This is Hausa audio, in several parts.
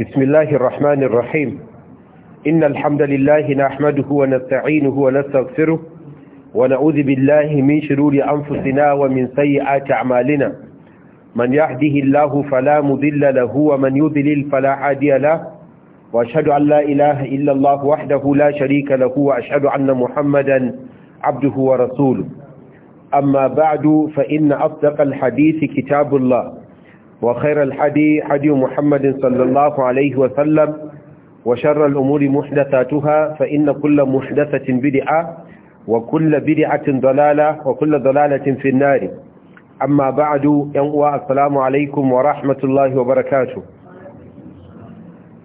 بسم الله الرحمن الرحيم إن الحمد لله نحمده ونستعينه ونستغفره ونعوذ بالله من شرور أنفسنا ومن سيئات أعمالنا من يهده الله فلا مذل له ومن يذلل فلا عادي له وأشهد أن لا إله إلا الله وحده لا شريك له وأشهد أن محمدا عبده ورسوله أما بعد فإن أصدق الحديث كتاب الله وخير الحدي حدي محمد صلى الله عليه وسلم وشر الأمور محدثاتها فإن كل محدثة بدعة وكل بدعة ضلالة وكل ضلالة في النار أما بعد ينقوى السلام عليكم ورحمة الله وبركاته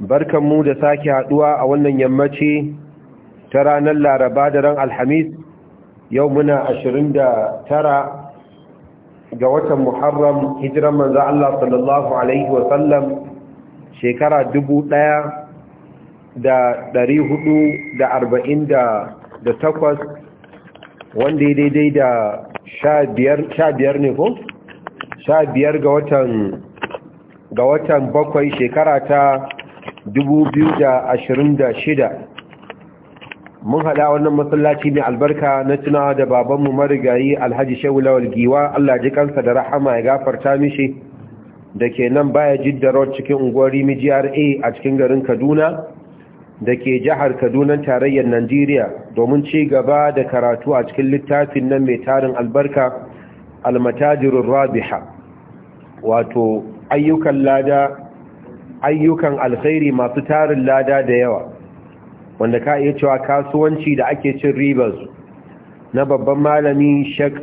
بركة مودة ساكي عدوى أولا يمتي ترانا لا ربادرا الحميد يومنا أشرين ترى ga watan muharram hijiran manza Allah sallallahu alaihi shekara dubu ɗaya da ɗari hudu da arba'in da takwas wanda daidai da sha biyar ne ko? sha biyar ga watan ga watan bakwai shekara ta dubu biyu da ashirin da shida mun haɗa wannan masallaci mai albarka na tunawa da babanmu marigayi alhaji shehu giwa Allah ji kansa da rahama ya gafarta mishi da ke nan baya jidda cikin unguwar rimi gra a cikin garin kaduna da ke jihar kaduna tarayyar najeriya domin ci gaba da karatu a cikin littafin nan mai tarin albarka almatajirun rabiha wato ayyukan lada ayyukan alkhairi masu tarin lada da yawa wanda ka iya cewa kasuwanci da ake cin ribarsu na babban malami sheik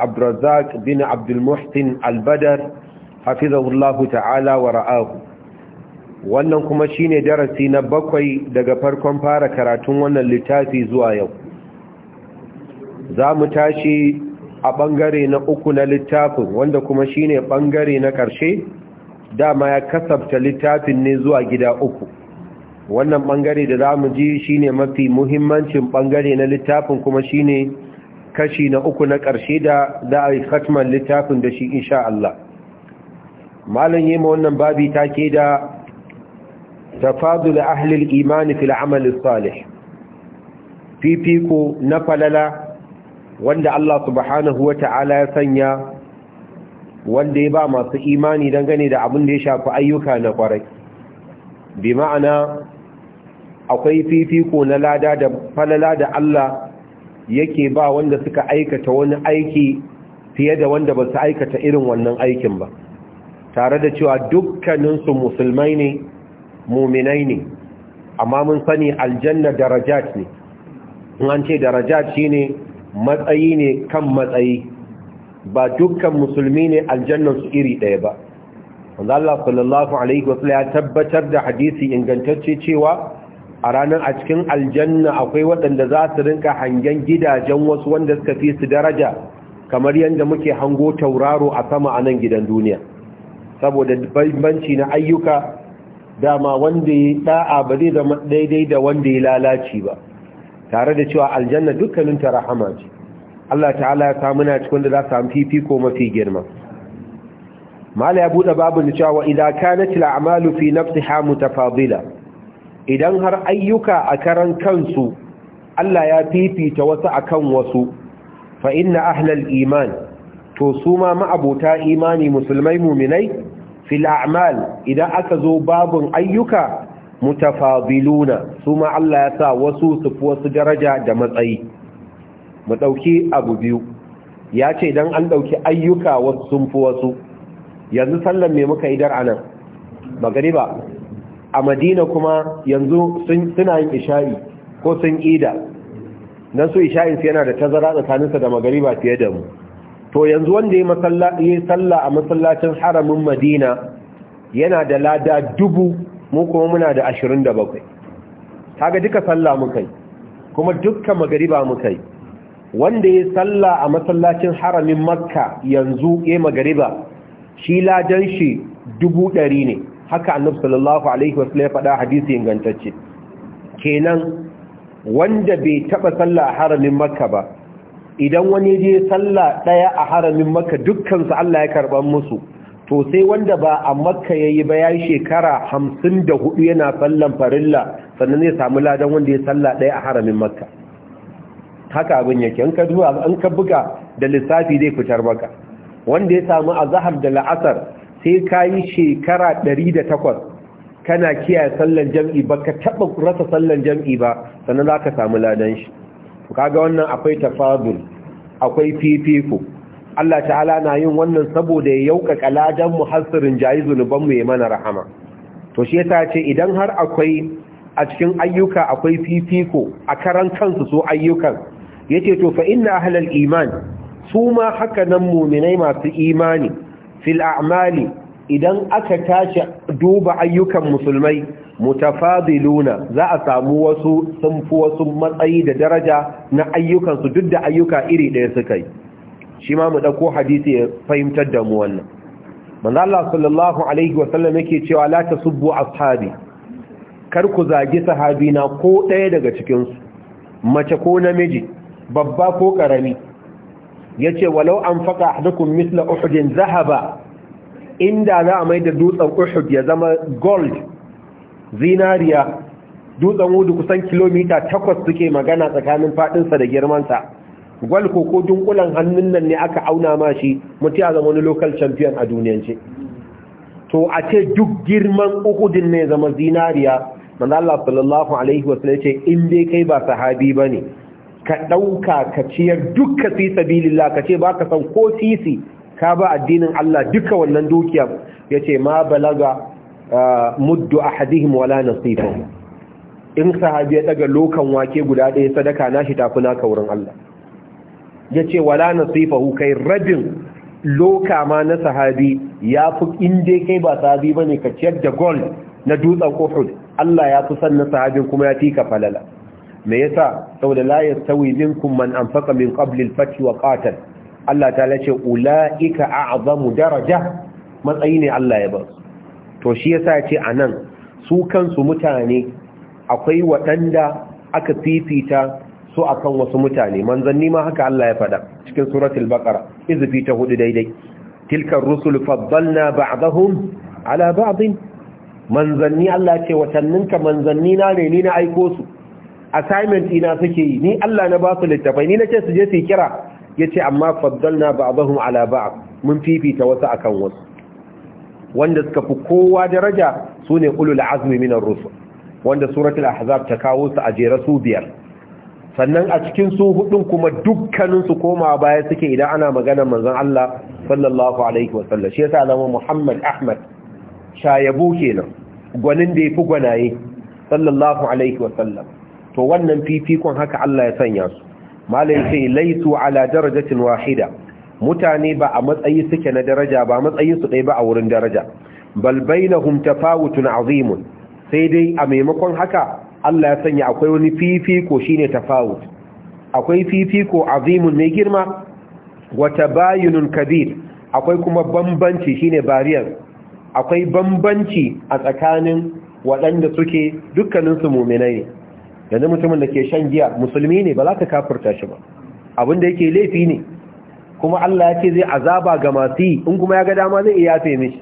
abdurrazak bin abdulmuhsin albadar hafizahullahu ta'ala wa ra'ahu wannan kuma shine darasi na bakwai daga farkon fara karatun wannan littafi zuwa yau za mu tashi a bangare na uku na littafin wanda kuma shine bangare na karshe dama ya kasabta littafin ne zuwa gida uku wannan bangare da za mu ji shine mafi muhimmancin bangare na littafin kuma shine kashi na uku na ƙarshe da za a yi khatman littafin da shi insha Allah malam yi ma wannan babi ta ke da tafadul ahlil imani fil amal salih fifiko na falala wanda Allah subhanahu wa ta'ala ya sanya wanda ya ba masu imani dangane da abin da ya shafi ayyuka na kwarai bi ma'ana akwai fifiko na lada da falala da Allah yake ba wanda suka aikata wani aiki fiye da wanda ba su aikata irin wannan aikin ba tare da cewa dukkaninsu musulmai ne muminai ne amma mun sani aljanna darajat ne Mun an ce darajat shine matsayi ne kan matsayi ba dukkan musulmi ne su iri ɗaya ba wanda Allah sallallahu alaihi wasallam ya tabbatar da hadisi ingantacce cewa a ranar a cikin aljanna akwai waɗanda za su rinka hangen gidajen wasu wanda suka fi su daraja kamar yadda muke hango tauraro a sama a nan gidan duniya saboda banbanci na ayyuka dama wanda ya da'a ba zai zama daidai da wanda ya lalaci ba tare da cewa aljanna dukkanin ta rahama ce Allah ta'ala ya samu na cikin da za su fi ko mafi girma mala ya buɗe babu da cewa na kanat a'malu fi nafsiha mutafadila idan har ayyuka a karan kansu Allah ya fifita wasu akan wasu fa inna ahlal iman to su ma ma'abota imani musulmai muminai fil a'mal idan aka zo babun ayyuka mutafadiluna su ma Allah ya sa wasu su fi wasu daraja da matsayi mu dauki abu biyu ya ce idan an dauki ayyuka wasu sun fi wasu yanzu sallan me muka idar anan magariba a madina kuma yanzu suna yin isha'i ko sun ida don su su yana da tazara tsakaninsa da magariba fiye da mu to yanzu wanda ya yi sallah a masallacin haramin madina yana da lada dubu mu kuma muna da ashirin da bakwai Ta ga duka sallah muka yi kuma dukkan magariba muka yi wanda ya yi sallah a masallacin haramin makka yanzu ya yi magariba shi ladan shi dubu ɗari ne haka annabi sallallahu alaihi wasallam ya faɗa hadisi ingantacce kenan wanda bai taɓa sallah a haramin makka ba idan wani je sallah ɗaya a haramin makka dukkan su Allah ya karban musu to sai wanda ba a makka ya yi yayi shekara hamsin da hudu yana sallan farilla sannan zai samu ladan wanda ya sallah ɗaya a haramin makka haka abin yake in ka duba an ka buga da lissafi zai fitar maka wanda ya samu azahar da la'asar sai ka yi shekara ɗari da takwas kana kiyaye sallan jam'i ba ka taɓa rasa sallan jam'i ba sannan za ka samu ladan shi kaga wannan akwai tafadul akwai fifiko Allah ta'ala na yin wannan saboda ya yaukaka ladan mu hasirin jayi zunuban ya mana rahama to shi yasa ce idan har akwai a cikin ayyuka akwai fifiko a karan kansu su ayyukan Ya ce to fa inna halal iman su ma haka nan mu'minai masu imani fil a'mali idan aka tashi duba ayyukan musulmai mutafadiluna za a samu wasu sun fi wasu matsayi da daraja na ayyukansu duk da ayyuka iri ɗaya suka yi shi ma mu ɗauko hadisi ya fahimtar da mu wannan manzo Allah sallallahu alaihi wa sallam yake cewa la tasubbu ashabi kar ku zagi sahabi na ko ɗaya daga cikin su mace ko namiji babba ko karami Ya ce walau an faka ahdukum misla uhudin zahaba inda za a mai da dutsen uhud ya zama gold zinariya dutsen wudu kusan kilomita takwas suke magana tsakanin faɗinsa da girmansa gwal ko ko dunkulan hannun nan ne aka auna ma shi mutu ya zama wani local champion a duniyance to a ce duk girman uhudin ne zama zinariya manzala sallallahu alaihi ne ce in dai kai ba sahabi ba ne. ka ɗauka ka ciyar dukka fi sabilillah ka ce ba ka san ko sisi ka ba addinin Allah duka wannan dukiya ya ce ma balaga uh, muddu hadihim wala nasifa in sahabi ya daga lokan wake guda ɗaya sadaka na nashi tafi naka wurin Allah ya ce wala nasifahu kai rabin loka ma na sahabi ya fi inda kai ba sahabi ba ne ka ciyar da gold na dutsen kofin Allah ya fi san na sahabin kuma ya fi falala me yasa saboda la yastawi minkum man anfaqa min qabli al-fath wa qatal Allah ta lace ulaika a'zamu daraja matsayi ne Allah ya ba to shi yasa ce anan su kansu mutane akwai waɗanda aka fifita su akan wasu mutane manzanni ma haka Allah ya faɗa cikin suratul baqara izfi hudu daidai tilka ar-rusul faddalna ba'dahum ala ba'd manzanni Allah ce watanninka manzanni na ne ni na aiko su assignment ina suke yi ni Allah na ba su littafai ni ce su je su kira yace amma faddalna ba'dahum ala ba'd mun fifita wasu akan wasu wanda suka fi kowa daraja sune ulul azmi ar rusul wanda suratul ahzab ta kawo su a jere su biyar sannan a cikin su hudun kuma dukkanin su koma baya suke idan ana magana manzon Allah sallallahu alaihi sallam shi yasa zama Muhammad Ahmad shayabu kenan gwanin da yafi gwanaye sallallahu alaihi wa sallam. to wannan fifikon haka Allah ya sanya su malai sai laitu ala darajatin wahida mutane ba a matsayi suke na daraja ba matsayin su ɗaya ba a wurin daraja bal bainahum tafawutun azim sai dai a maimakon haka Allah ya sanya akwai wani fifiko shine tafawut akwai fifiko Azimu ne girma wa tabayunun kabir akwai kuma bambanci shine bariyar akwai bambanci a tsakanin waɗanda suke dukkaninsu muminai ne yanzu mutumin da ke shan giya musulmi ne ba za ka kafurta shi ba abin da yake laifi ne kuma Allah ya ce zai azaba ga masu yi in kuma ya ga dama zai iya fe mishi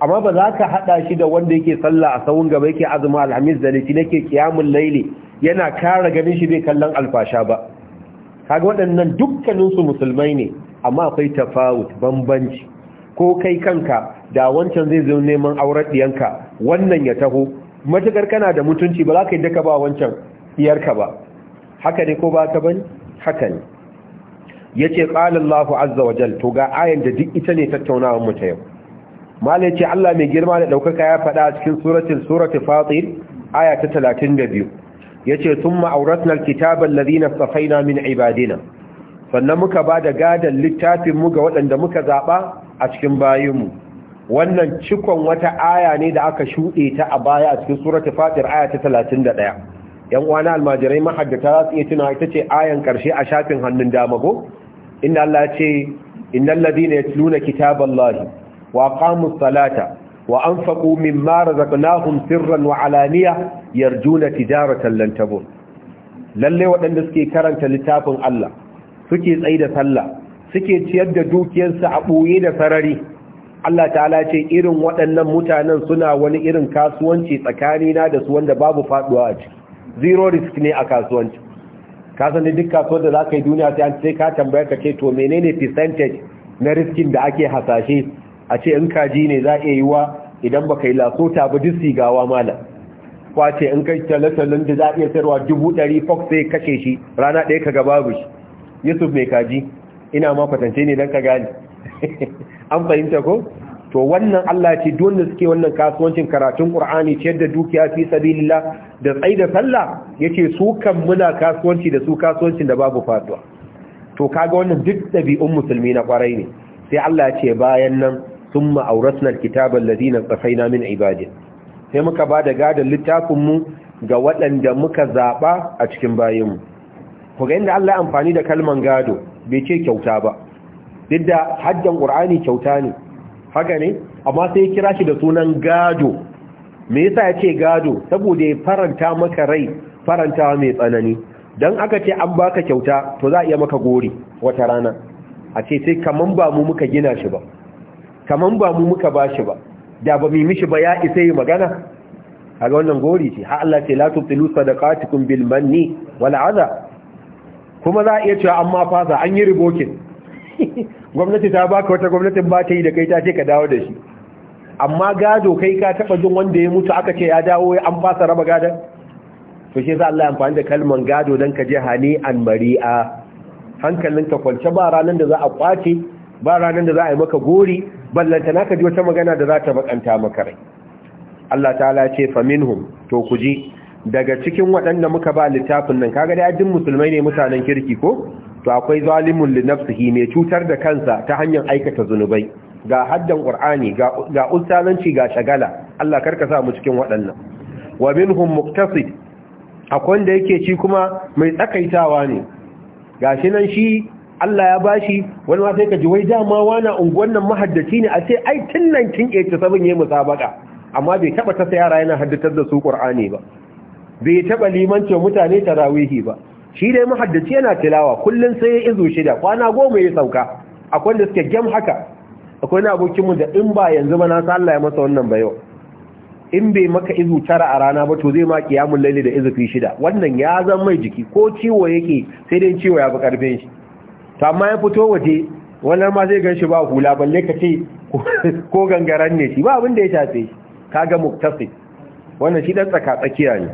amma ba za ka haɗa shi da wanda yake sallah a sawun gaba yake azuma alhamis da laifi nake kiyamun laili yana kara ganin shi bai kallon alfasha ba kaga waɗannan dukkanin su musulmai ne amma akwai tafawut bambanci ko kai kanka da wancan zai zo neman auren diyanka wannan ya taho matukar kana da mutunci ba za ka yi daka ba wancan diyarka ba haka ne ko ba ka bane haka ne yace qala Allahu azza wa jal to ga ayan da duk ita ne tattaunawa mu ta yau ya ce Allah mai girma da ɗaukaka ya faɗa a cikin suratul surati fatir aya ta 32 yace thumma awratna alkitaba alladhina safaina min ibadina sannan muka ba da gadan littafin mu ga waɗanda muka zaɓa a cikin bayinmu wannan cikon wata aya ne da aka shuɗe ta a baya a cikin suratul fatir aya ta ɗaya. yan uwana almajirai mahaddata za su iya tuna ita ce ayan karshe a shafin hannun dama ko inna Allah ya ce innal ladina yatluna kitaballahi wa aqamus salata wa anfaqu mimma razaqnahum sirran wa alaniya yarjuna tijaratan lan tabur lalle waɗanda suke karanta littafin Allah suke tsayi da sallah suke ciyar da dukiyarsu a ɓoye da sarari Allah ta'ala ce irin waɗannan mutanen suna wani irin kasuwanci tsakanina da su wanda babu faɗuwa a ciki zero risk ne a kasuwanci kasan da duk kasuwar da za ka yi duniya sai an ce ka tambaya ka ce to menene percentage na riskin da ake hasashe a ce in kaji ne za a yi wa idan ba ka yi ta ba duk sigawa malam kwace in kai talatalin da za a iya sayarwa dubu ɗari fok sai kashe shi rana ɗaya ka gaba bu shi yusuf mai kaji ina ma kwatance ne don ka gane an fahimta ko to wannan Allah ce dole suke wannan kasuwancin karatun Qur'ani ce da dukiya fi sabilillah da tsai da sallah yace su kan muna kasuwanci da su kasuwancin da babu fatuwa to kaga wannan duk dabi'un musulmi na kwarai ne sai Allah ce bayan nan thumma awrasna alkitaba alladhina safaina min ibadin sai muka ba da gadon littafin mu ga waɗanda muka zaba a cikin mu ko ga inda Allah amfani da kalman gado bai ce kyauta ba duk da haddan Qur'ani kyauta ne haka ne amma sai ya kira shi da sunan gado me yasa ya ce gado saboda ya faranta maka rai farantawa mai tsanani don aka ce an baka kyauta to za a iya maka gori wata rana a ce sai kaman ba mu muka gina shi ba kaman ba mu muka ba shi ba da ba mu mishi ba ya isa yi magana kaga wannan gori ce ha Allah ce la tubtilu sadaqatikum bil manni wal aza? kuma za a iya cewa amma fasa an yi ribokin gwamnati ta baka wata gwamnatin ba ta yi da kai ta ce ka dawo da shi amma gado kai ka taba jin wanda ya mutu aka ce ya dawo ya an fasa raba gadon to shi yasa Allah ya amfani da kalman gado dan ka je hani an mari'a ka kwance ba ranan da za a kwace ba ranan da za a yi maka gori ballanta naka ji wata magana da za ta bakanta maka rai Allah ta'ala ya ce faminhum to ku ji daga cikin waɗanda muka ba littafin nan kaga dai ajin musulmai ne mutanen kirki ko to akwai zalimun li nafsihi mai cutar da kansa ta hanyar aikata zunubai ga haddan qur'ani ga ga ustalanci ga shagala Allah karka sa mu cikin waɗannan wa minhum muqtasid akwai da yake ci kuma mai tsakaitawa ne gashi nan shi Allah ya bashi wani ma sai ka ji wai dama wana unguwar nan mahaddaci ne a ce ai tun 1987 yayi musabaka amma bai taba tasa yara yana haddatar da su qur'ani ba bai taba wa mutane tarawihi ba shi dai muhaddisi yana tilawa kullum sai ya izo shida kwana goma ya sauka akwai da suke gem haka akwai na abokinmu da in ba yanzu ba na san Allah ya masa wannan ba yau in bai maka izo tara a rana ba to zai ma kiyamun laili da izufi shida wannan ya zan mai jiki ko ciwo yake sai dai ciwo ya fi karfin shi to amma ya fito waje wannan ma zai ganshi ba hula balle ka ce ko gangaran ne shi ba abin da ya shafe shi kaga muktasi wannan shi dan tsaka tsakiya ne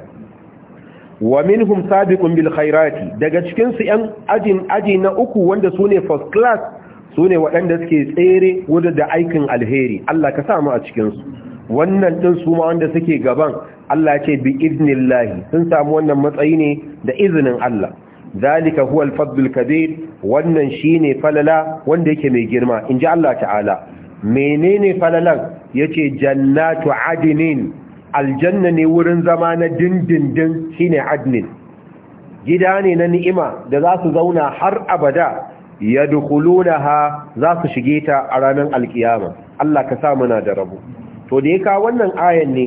wa minhum sabiqun bil khairati daga cikin su yan ajin aji na uku wanda sune first class sune waɗanda suke tsere wurin da aikin alheri Allah ka sa mu a cikin su wannan din su ma wanda suke gaban Allah ce bi idnillahi sun samu wannan matsayi ne da izinin Allah zalika huwa al-fadl wannan shine falala wanda yake mai girma inji Allah ta'ala menene falalan yace jannatu adnin aljanna ne wurin zama na dindindin shine adnin gida ne na ni'ima da za su zauna har abada ya ha za su shige ta a ranar alkiyama Allah ka sa muna da rabu to da ya kawo wannan ayan ne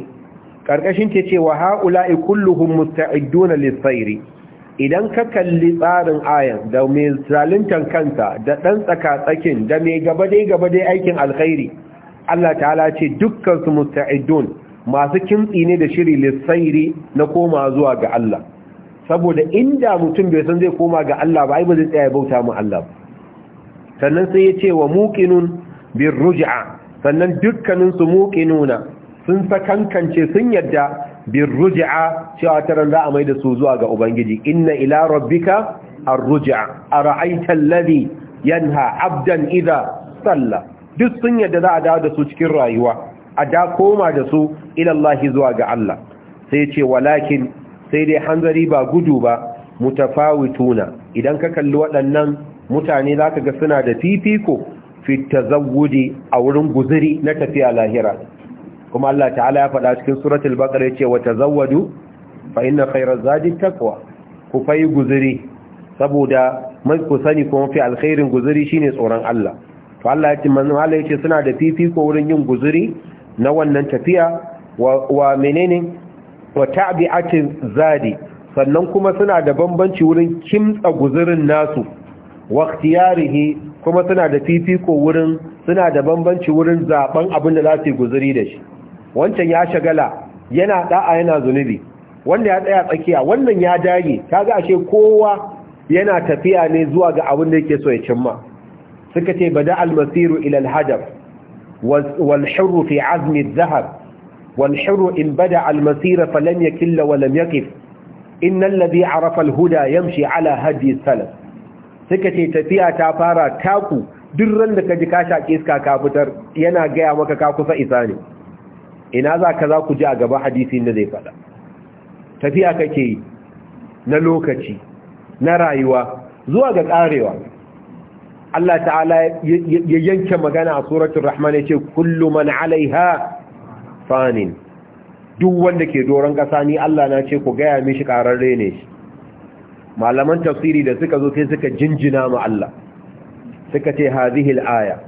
karkashin ta ce wa ha'ula'i kulluhum musta'iduna lis-sayri idan ka kalli tsarin ayan da mai zaluntan kanta da dan tsaka-tsakin da mai gaba dai gaba dai aikin alkhairi Allah ta'ala ce dukkan su musta'idun masu kintsi ne da shiri lissairi na koma zuwa ga Allah saboda inda mutum bai san zai koma ga Allah ba ai ba zai tsaya bauta mu Allah sannan sai ya ce wa muqinun bir ruj'a sannan dukkanin su muqinuna sun sakankance sun yadda bir ruj'a cewa taran za a mai da su zuwa ga ubangiji inna ila rabbika ar-ruj'a ara'aita alladhi yanha abdan idha salla duk sun yadda za a dawo da su cikin rayuwa a da koma da su ilallahi zuwa ga Allah sai ce walakin sai dai hanzari ba gudu ba mutafawituna idan ka kalli waɗannan mutane za ka ga suna da fifiko fita zawudi a wurin guzuri na tafiya lahira kuma Allah ta'ala ya faɗa cikin suratul ya ce wata zawadu fa inna khayraz zadi taqwa ku fayi guzuri saboda mai ku sani kuma fi alkhairin guziri shine tsoron Allah to Allah ya ce suna da fifiko wurin yin guziri. na wannan tafiya wa menene wa tabi'atin zadi sannan kuma suna da bambanci wurin kimtsa guzurin nasu wa ikhtiyarihi kuma suna da fifiko wurin suna da bambanci wurin zaben abin da za su guzuri da shi wancan ya shagala yana da'a yana zunubi wanda ya tsaya tsakiya wannan ya dage kaga ashe kowa yana tafiya ne zuwa ga abin da yake so ya cimma suka ce bada almasiru ila hadaf. والحر في عزم الذهب والحر إن بدأ المسير فلم يكل ولم يقف إن الذي عرف الهدى يمشي على هدي السلف سكتي تفيا تافارا تاكو durran da ka ji ka shaƙe iska ka fitar yana gaya maka ka kusa isa ne ina za ka za ku ji a gaba hadisi da zai faɗa tafiya kake na lokaci na rayuwa zuwa ga ƙarewa Allah ta'ala ya yanke magana a suratul rahman yace kullu man alaiha fanin duk wanda ke doron kasa ni Allah na ce ku gaya mishi kararre ne shi malaman tafsiri da suka zo sai suka jinjina ma Allah suka ce hadhihi aya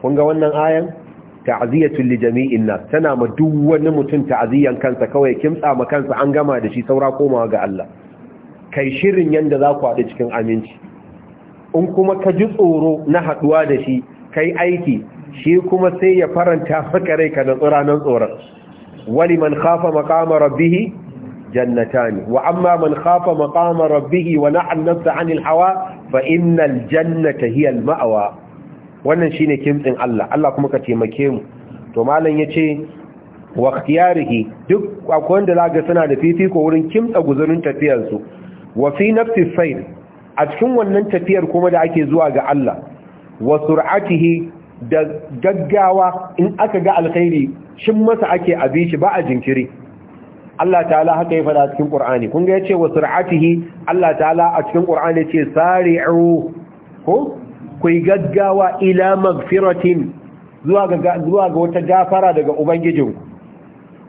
kun ga wannan ayan ta'ziyatu li jami'in nas tana ma duk wani mutum ta'ziyan kansa kawai kimtsa ma kansa an gama da shi saura komawa ga Allah kai shirin yanda za ku haɗu cikin aminci in kuma ka ji tsoro na haduwa da shi kai aiki shi kuma sai ya faranta maka rai ka natsura nan tsoron wali man khafa maqama rabbih jannatan wa amma man khafa maqama rabbih wa nahana nafsa anil hawa fa innal jannata hiya al ma'wa wannan shine kimtsin Allah Allah kuma ka taimake mu to malam yace wa ikhtiyarihi duk akwai wanda laga suna da fifiko wurin kimtsa guzurin tafiyar su wa fi nafsi sayr a cikin wannan tafiyar kuma da ake zuwa ga Allah wa sur'atihi da gaggawa in aka ga alkhairi shin masa ake abin shi ba a jinkiri Allah ta'ala haka ya fada cikin Qur'ani kun ga yace wa sur'atihi Allah ta'ala a cikin Qur'ani yace sari'u ko ku gaggawa ila magfiratin zuwa ga zuwa ga wata gafara daga ubangijinku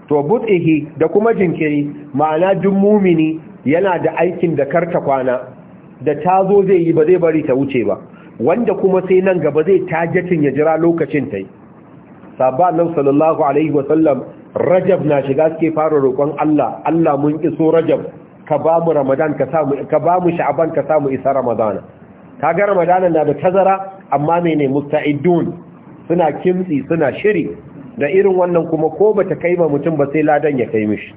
to butihi da kuma jinkiri ma'ana duk mumini yana da aikin da karta kwana da ta zo zai yi ba zai bari ta wuce ba wanda kuma sai nan gaba zai tajatin ya jira lokacin ta yi sabba nan sallallahu alaihi wasallam rajab na shiga suke fara roƙon Allah Allah mun iso rajab ka ba mu ramadan ka samu ka ba mu sha'ban ka samu isa ramadana kaga ramadana na da tazara amma ne musta'idun suna kimtsi suna shiri da irin wannan kuma ko bata kai ba mutum ba sai ladan ya kai mishi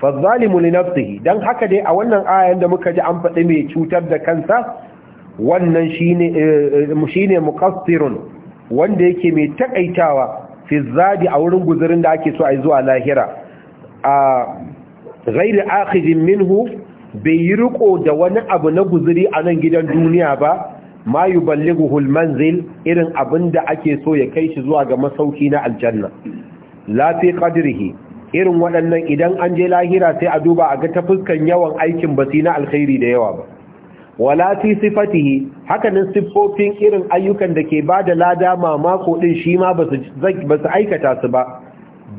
fa zalimu li nafsihi dan haka dai a wannan ayan da muka ji an faɗi mai cutar da kansa wannan shine eh, shine muqassirun wanda yake mai takaitawa fi zadi a wurin guzurin da ake so a zuwa lahira a ghairi akhidin minhu bai yi riko da wani abu na guzuri a nan gidan duniya ba ma yi balligu hulmanzil irin abin da ake so ya kai shi zuwa ga masauki na aljanna fi ƙadirhi irin waɗannan idan an je lahira sai a duba a ga ta fuskan yawan aikin basi na alkhairi da yawa ba wala fi sifatihi hakanan siffofin irin ayyukan da ke bada lada mamako din shi ma basu su aikata su ba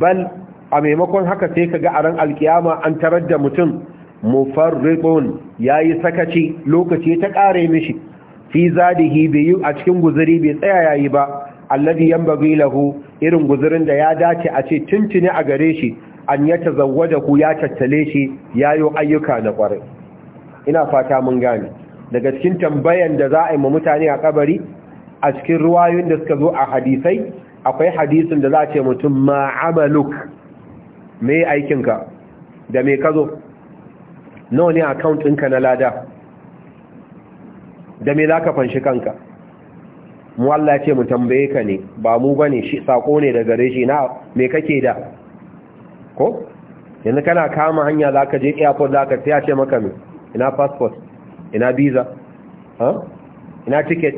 bal a maimakon haka sai ka ga ran alkiyama an tarar da mutum mufarriqun yayi sakaci lokaci ta kare mishi fi zadihi bai a cikin guzuri bai tsaya yayi ba alladhi yanbaghi lahu irin guzurin da ya dace a ce tuntuni a gare shi an ya ku ya tattale shi yayo ayyuka na kwarai ina fata mun gane daga cikin tambayan da za a yi ma mutane a kabari a cikin ruwayoyin da suka zo a hadisai akwai hadisin da za a ce mutum ma'amaluk me aikinka da me ka zo nawa ne account ɗinka na lada da me zaka fanshi kanka mu Allah ce mu tambaye ka ne ba mu bane shi sako ne daga gare shi na me kake da ko yanzu kana kama hanya za ka je airport ka tsaya ce maka me ina passport ina visa ina ticket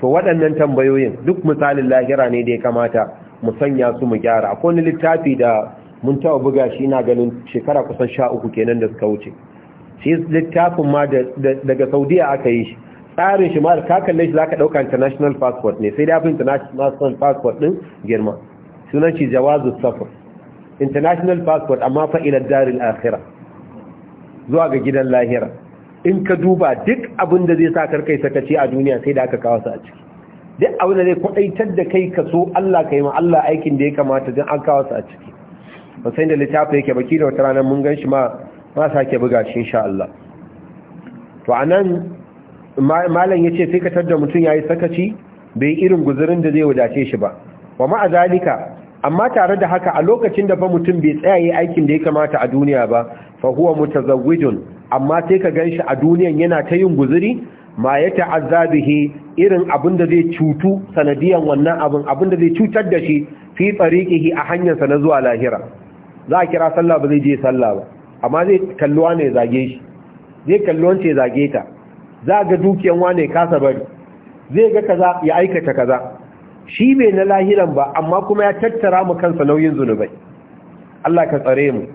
to waɗannan tambayoyin duk misalin lahira ne da ya kamata mu sanya su mu gyara akwai wani littafi da mun taɓa buga shi na ganin shekara kusan sha uku kenan da suka wuce shi littafin ma daga saudiya aka yi shi tsarin shi ma ka kalle shi zaka dauka international passport ne sai da fa international passport din girma sunan shi jawazu safar international passport amma fa ila daril akhirah zuwa ga gidan lahira in ka duba duk abin da zai sa karkai sakaci a duniya sai da aka kawo su a ciki duk abin da zai kwadaitar da kai ka so Allah kai ma Allah aikin da ya kamata don an kawo su a ciki ba da littafi yake baki da wata ranar mun gan shi ma ma sake buga shi insha Allah to anan malam ya ce sai ka da mutum ya yi sakaci bai irin guzurin da zai wadace shi ba wa azalika amma tare da haka a lokacin da fa mutum bai tsayaye aikin da ya kamata a duniya ba fa huwa mutazawwijun amma sai ka ganshi a duniyan yana ta yin guzuri ma ya ta'azza irin abin da zai cutu sanadiyan wannan abin abin da zai cutar da shi fi tsariƙihi a hanyarsa na zuwa lahira za a kira sallah ba zai je sallah ba amma zai kalluwa ne zage shi zai kalluwan ce zage ta za ga dukiyan wane kasa bari zai ga kaza ya aikata kaza shi bai na lahiran ba amma kuma ya tattara mu kansa nauyin zunubai Allah ka tsare mu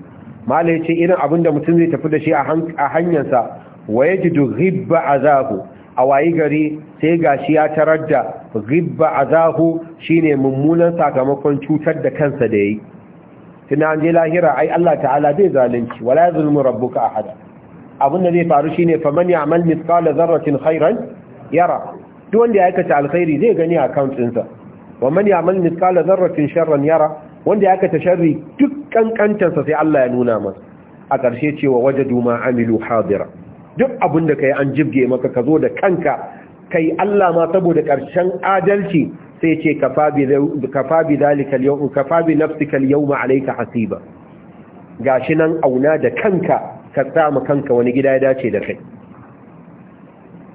mala yace irin abin da mutum zai tafi da shi a hanyarsa wa yajidu ghibba azahu a wayi gari sai gashi ya tarar da ghibba azahu shine mummunan sakamakon cutar da kansa da yayi tunan je lahira ai Allah ta'ala zai zalunci wala yazlumu rabbuka ahada abin da zai faru shine faman ya'mal mithqala dharratin khairan yara duk wanda ya aikata alkhairi zai gani a account ɗinsa wa man ya'mal mithqala sharran yara wanda ya aikata sharri duk kankantansa sai Allah ya nuna masa a ƙarshe cewa waje ma amilu hadira duk abin da kai an jibge maka ka zo da kanka kai Allah ma saboda ƙarshen adalci sai ce kafa bi zalikal yau kafa bi nafsikal yau ma'alaika hasiba gashi nan auna da kanka ka sa kanka wani gida ya dace da kai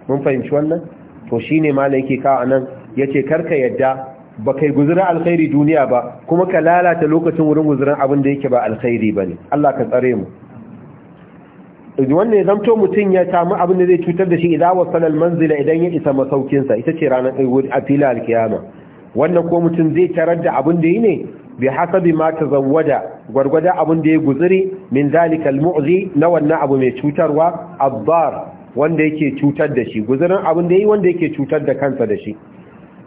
mun fahimci wannan to shine malam yake kawo anan yace karka yadda ba kai guzura alkhairi duniya ba kuma ka lalata lokacin wurin guzuran abin da yake ba alkhairi bane Allah ka tsare mu wannan zamto mutum ya samu abin da zai cutar da shi idan wasala manzila idan ya isa masaukin sa, ita ce ranar eh, a fila alkiyama wannan ko mutum zai tarar da abin da yi ne bi hasabi ma tazawwaja gwargwada abin da ya guzuri min zalikal mu'zi na wannan abu mai cutarwa abdar wanda yake cutar da shi guzurin abin da yi wanda yake cutar da kansa da shi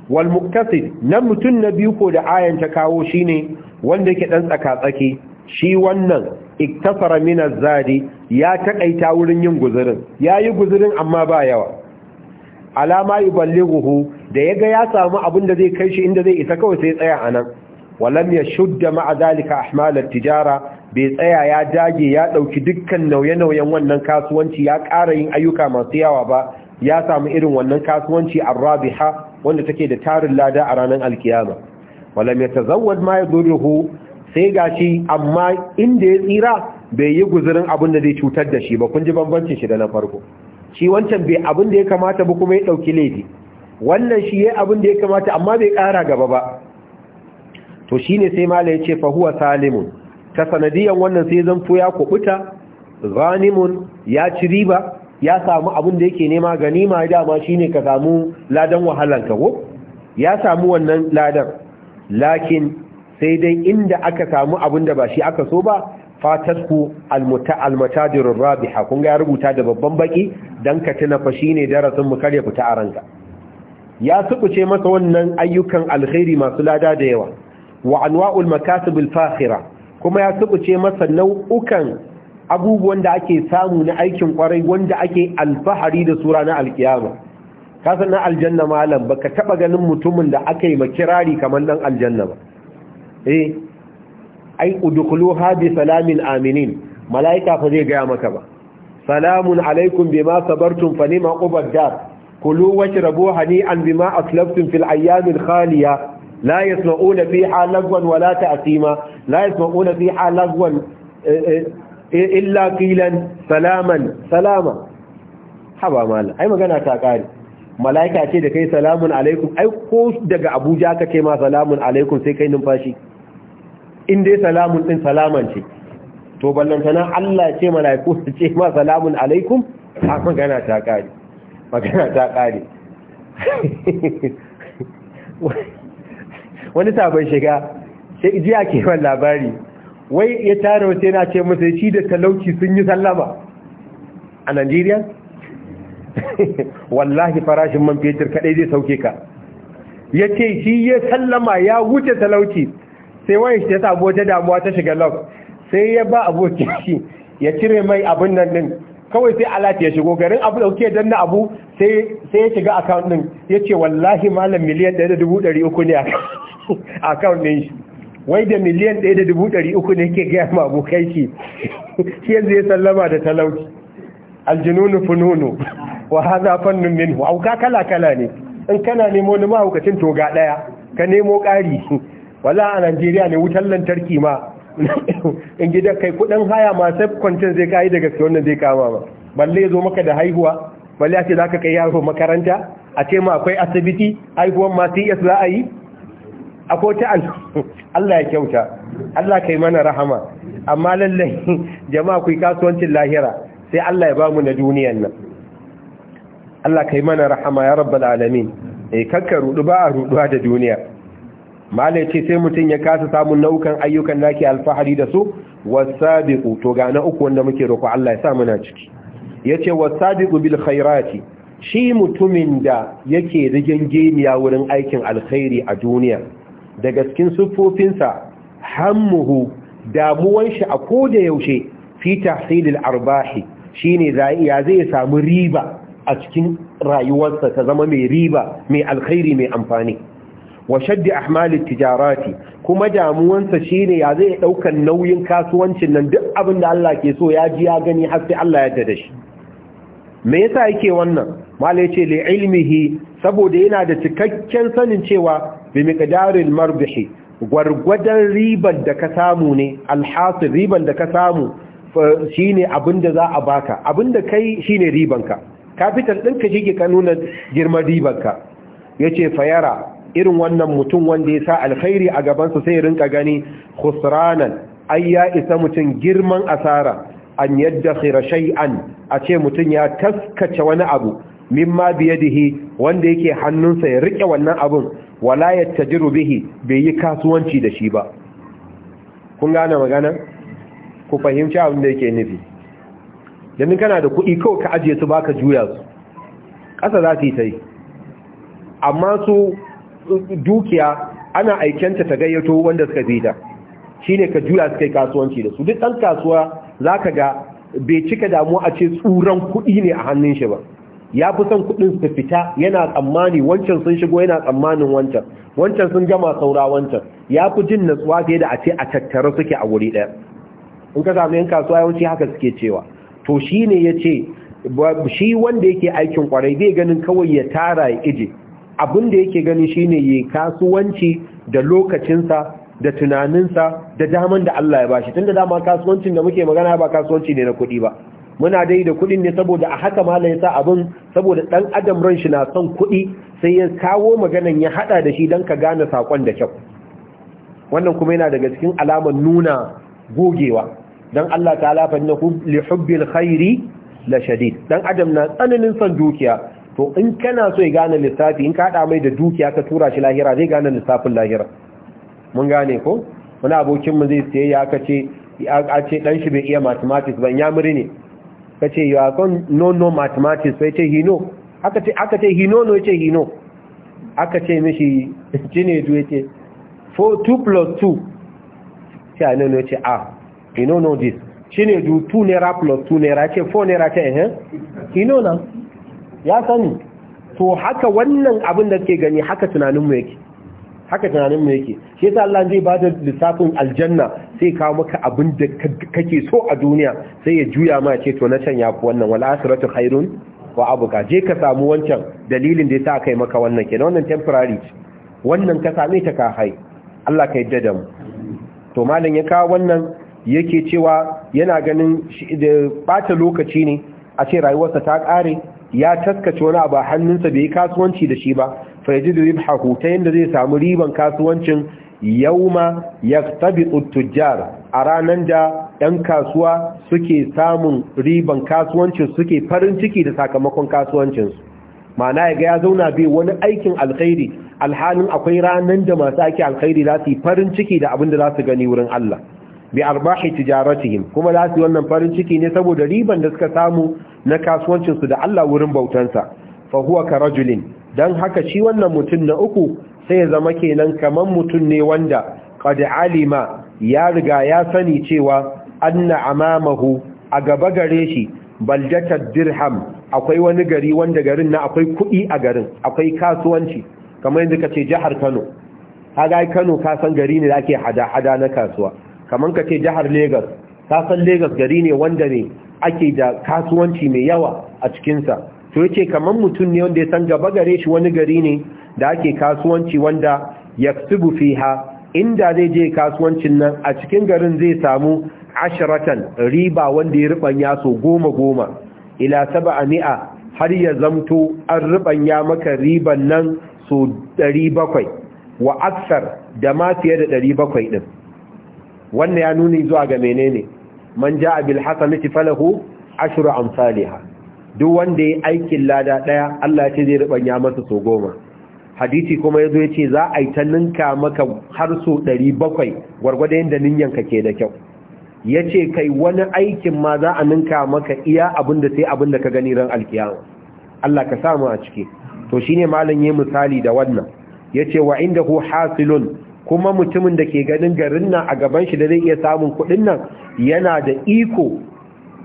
wal muktasid nan mutun na biyu ko da ayan ta kawo shine wanda yake dan tsaka tsaki shi wannan iktasara min azadi ya takaita wurin yin guzurin yayi guzurin amma ba yawa alama yuballighu da yaga ya samu abin da zai kai shi inda zai isa kawai sai tsaya anan walam ya shudda ذلك احمال ahmalar tijara bai tsaya ya dage ya ɗauki dukkan nauye-nauyen wannan kasuwanci ya ƙara yin ayyuka masu yawa ba ya samu irin wannan kasuwanci a rabiha wanda take da tarin lada a ranar alkiyama walam ya tazawwad ma ya zurruhu sai gashi amma inda ya tsira bai yi guzurin abin da zai cutar da shi ba kun ji bambancin shi da na farko shi wancan bai abin da ya kamata ba kuma ya ɗauki laifi wannan shi ya abin da ya kamata amma bai ƙara gaba ba to shi ne sai mala ya ce fahuwa salimun ta sanadiyan wannan sai zanto ya kubuta ghanimun ya ci riba ya samu abin da yake nema ganima dama shi ne ka samu ladan wahalan ka ya samu wannan ladan lakin sai dai inda aka samu abin da ba shi aka so ba fatasku almutadir rabiha kun ga ya rubuta da babban baki dan ka tuna fa shine darasin mu kare fita a ranka ya ce masa wannan ayyukan alkhairi masu lada da yawa wa anwa'ul makasibil al-fakhira kuma ya tubuce masa nau'ukan abubuwan da ake samu na aikin kwarai wanda ake alfahari da sura na alkiyama kasan na aljanna malam baka taba ganin mutumin da aka yi makirari kamar dan aljanna ba eh ai udkhuluha bi salamin aminin malaika fa zai gaya maka ba salamun alaikum bima sabartum fa nima qubad dar kulu washrabu hani'an bima aslaftum fil ayyamil khaliya la yasma'una fiha lagwan wala ta'sima la yasma'una fiha lagwan illa qilan salaman salama haba mala ai magana ta kare malaika ce da kai salamun alaikum ai daga abuja ka ce ma salamun alaikum sai kai numfashi in dai salamun din salaman ce to ballantana Allah ce malaiku ce ma salamun alaikum a magana ta kare wani sabon shiga sai jiya ke yawan labari wai ya tara wata yana ce masa shi da talauci sun yi sallama a Najeriya wallahi farashin man fetur kadai zai sauke ka ya ce shi ya sallama ya wuce talauci sai wani ya sa wata damuwa ta shiga lauk sai ya ba abokin shi ya cire mai abin nan din kawai sai alat ya shigo garin abu da kuke danna abu sai ya shiga account din yace wallahi malam miliyan 1.300 ne a account din shi wai da miliyan 1.300 ne ke gaya ma kai shi shi yanzu ya sallama da talauci aljununu fununu wa hada fannu minhu ka kala kala ne in kana nemo ni mahaukacin toga daya ka nemo ƙari wala a Najeriya ne wutar lantarki ma in gida kai kudin haya ma sai kwancin zai kai daga gaske wannan zai kama ba balle zo maka da haihuwa balle a ce za ka kai yaro makaranta a ce ma akwai asibiti haihuwan ma cs za a yi a kota allah ya kyauta allah kai mana rahama amma lallai jama'a ku kasuwancin lahira sai allah ya bamu na duniyan nan allah kai mana rahama ya rabbal alamin eh kakka rudu ba a ruduwa da duniya mala ce sai mutum ya kasa samun nau'ukan ayyukan da ke alfahari da su wasabiqu to ga na uku wanda muke roƙo Allah ya sa muna ciki yace wasabiqu bil khairati shi mutumin da yake gemiya wurin aikin alkhairi a duniya daga cikin siffofinsa hammuhu damuwan shi a koda yaushe fi tahsilil arbahi shine ya zai samu riba a cikin rayuwarsa ta zama mai riba mai alkhairi mai amfani wa shaddi ahmali tijarati kuma damuwansa shine ya zai daukan nauyin kasuwancin nan duk abin da Allah ke so ya ji ya gani har sai Allah ya da shi me yasa yake wannan malai ce li ilmihi saboda yana da cikakken sanin cewa bi miqdaril marbihi gwargwadon riban da ka samu ne alhasil riban da ka samu shine abin da za a baka abin da kai shine ribanka capital ɗinka shi ke kanunan girman ribanka ya ce fayara irin wannan mutum wanda ya sa alkhairi a gabansa sai rinka gani khusranan ayya isa mutum girman asara an yadda khira shay'an a ce mutum ya taskace wani abu mimma biyadihi wanda yake hannunsa ya rike wannan abun wala yattajiru bihi bai yi kasuwanci da shi ba kun gane magana ku fahimci abin da yake nufi domin kana da kuɗi kawai ka ajiye su baka juya su ƙasa za su yi ta yi amma su dukiya ana aikenta ta gayyato wanda suka fita shine ka juya su kasuwanci da su duk ɗan kasuwa zaka ga bai cika damuwa a ce tsuran kuɗi ne a hannun shi ba ya fi son kuɗin su fita yana tsammani wancan sun shigo yana tsammanin wancan wancan sun gama saura wancan ya fi jin natsuwa fiye da a ce a tattara suke a wuri ɗaya in ka samu yan kasuwa yawanci haka suke cewa to shi ne ya ce shi wanda yake aikin kwarai zai ganin kawai ya tara ya ije abin da yake gani shine yi kasuwanci da lokacinsa da tunaninsa da daman da Allah ya bashi tunda dama kasuwancin da muke magana ba kasuwanci ne na kuɗi ba muna dai da kuɗin ne saboda a haka ma ya sa abin saboda ɗan adam ran shi na son kuɗi sai ya kawo maganan ya haɗa da shi don ka gane saƙon da kyau wannan kuma yana daga cikin alamar nuna gogewa don Allah ta alafa na li hubbil khairi la shadid dan adam na tsananin son dukiya to in kana so ya gane lissafi in ka mai da dukiya ka tura shi lahira zai gane lissafin lahira mun gane ko wani abokinmu zai siye ya aka ce a ce ɗan shi bai iya mathematics ban ya muri ne ka ce you are no no mathematics sai ce hino aka ce aka ce hino no ce hino aka ce mishi jine duwe ce 2 plus 2 sai a nuna ce a ah, hino no this shi ne du 2 naira plus 2 naira ce 4 naira ce eh, ehem hino na ya sani to haka wannan abin da ke gani haka tunaninmu yake haka tunaninmu yake shi yasa Allah zai bada lissafin aljanna sai kawo maka abin da kake so a duniya sai ya juya ma ce to na can ya fi wannan wal asratu khairun wa abuka je ka samu wancan dalilin da yasa kai maka wannan kenan wannan temporary wannan ka same ta ka hai Allah ka yadda da mu to malam ya kawo wannan yake cewa yana ganin bata lokaci ne a ce rayuwarsa ta kare ya taskace wani abu a hannunsa bai yi kasuwanci da shi ba fa yaji da ribhahu ta yanda zai samu riban kasuwancin yauma yaqtabitu tujjar a ranan da ɗan kasuwa suke samun riban kasuwancin suke farin ciki da sakamakon kasuwancinsu mana ya ga ya zauna bai wani aikin alkhairi alhalin akwai ranar da masu aiki alkhairi za su yi farin ciki da abin da za su gani wurin Allah bi arbahi tijaratihim kuma za su yi wannan farin ciki ne saboda riban da suka samu na kasuwancinsu da Allah wurin bautansa fa huwa ka rajulin dan haka shi wannan mutum na uku sai ya zama kenan Kamar mutum ne wanda qad alima ya riga ya sani cewa anna amamahu a gaba gare shi baljatar dirham akwai wani gari wanda garin na akwai kuɗi a garin akwai kasuwanci kamar yadda ce jihar Kano haga Kano ka san gari ne da ake hada-hada na kasuwa kamar ce jihar Legas. ka san Lagos gari ne wanda ne ake da kasuwanci mai yawa a cikinsa to ce kamar mutum ne wanda ya san gaba gare shi wani gari ne da ake kasuwanci wanda ya fi ha, inda zai je kasuwancin nan a cikin garin zai samu ashiratan riba wanda ya rubanya so goma goma ila a mi'a har ya zamto an ribanya maka riban nan so bakwai, wa aksar da ma fiye da bakwai ɗin wannan ya nuni zuwa ga menene man ja'a bil hasanati falahu ashru amsalha duk wanda yayi aikin lada daya Allah ce zai ya masa so goma hadisi kuma yazo yace za a yi ta ninka maka har so 700 gwargwado yanda ninyanka ke da kyau yace kai wani aikin ma za a ninka maka iya abinda sai abinda ka gani ran alkiyama Allah ka samu a ciki to shine malam yayi misali da wannan yace wa indahu hasilun kuma mutumin da ke ganin garin nan a gaban shi da zai iya samun kuɗin nan yana da iko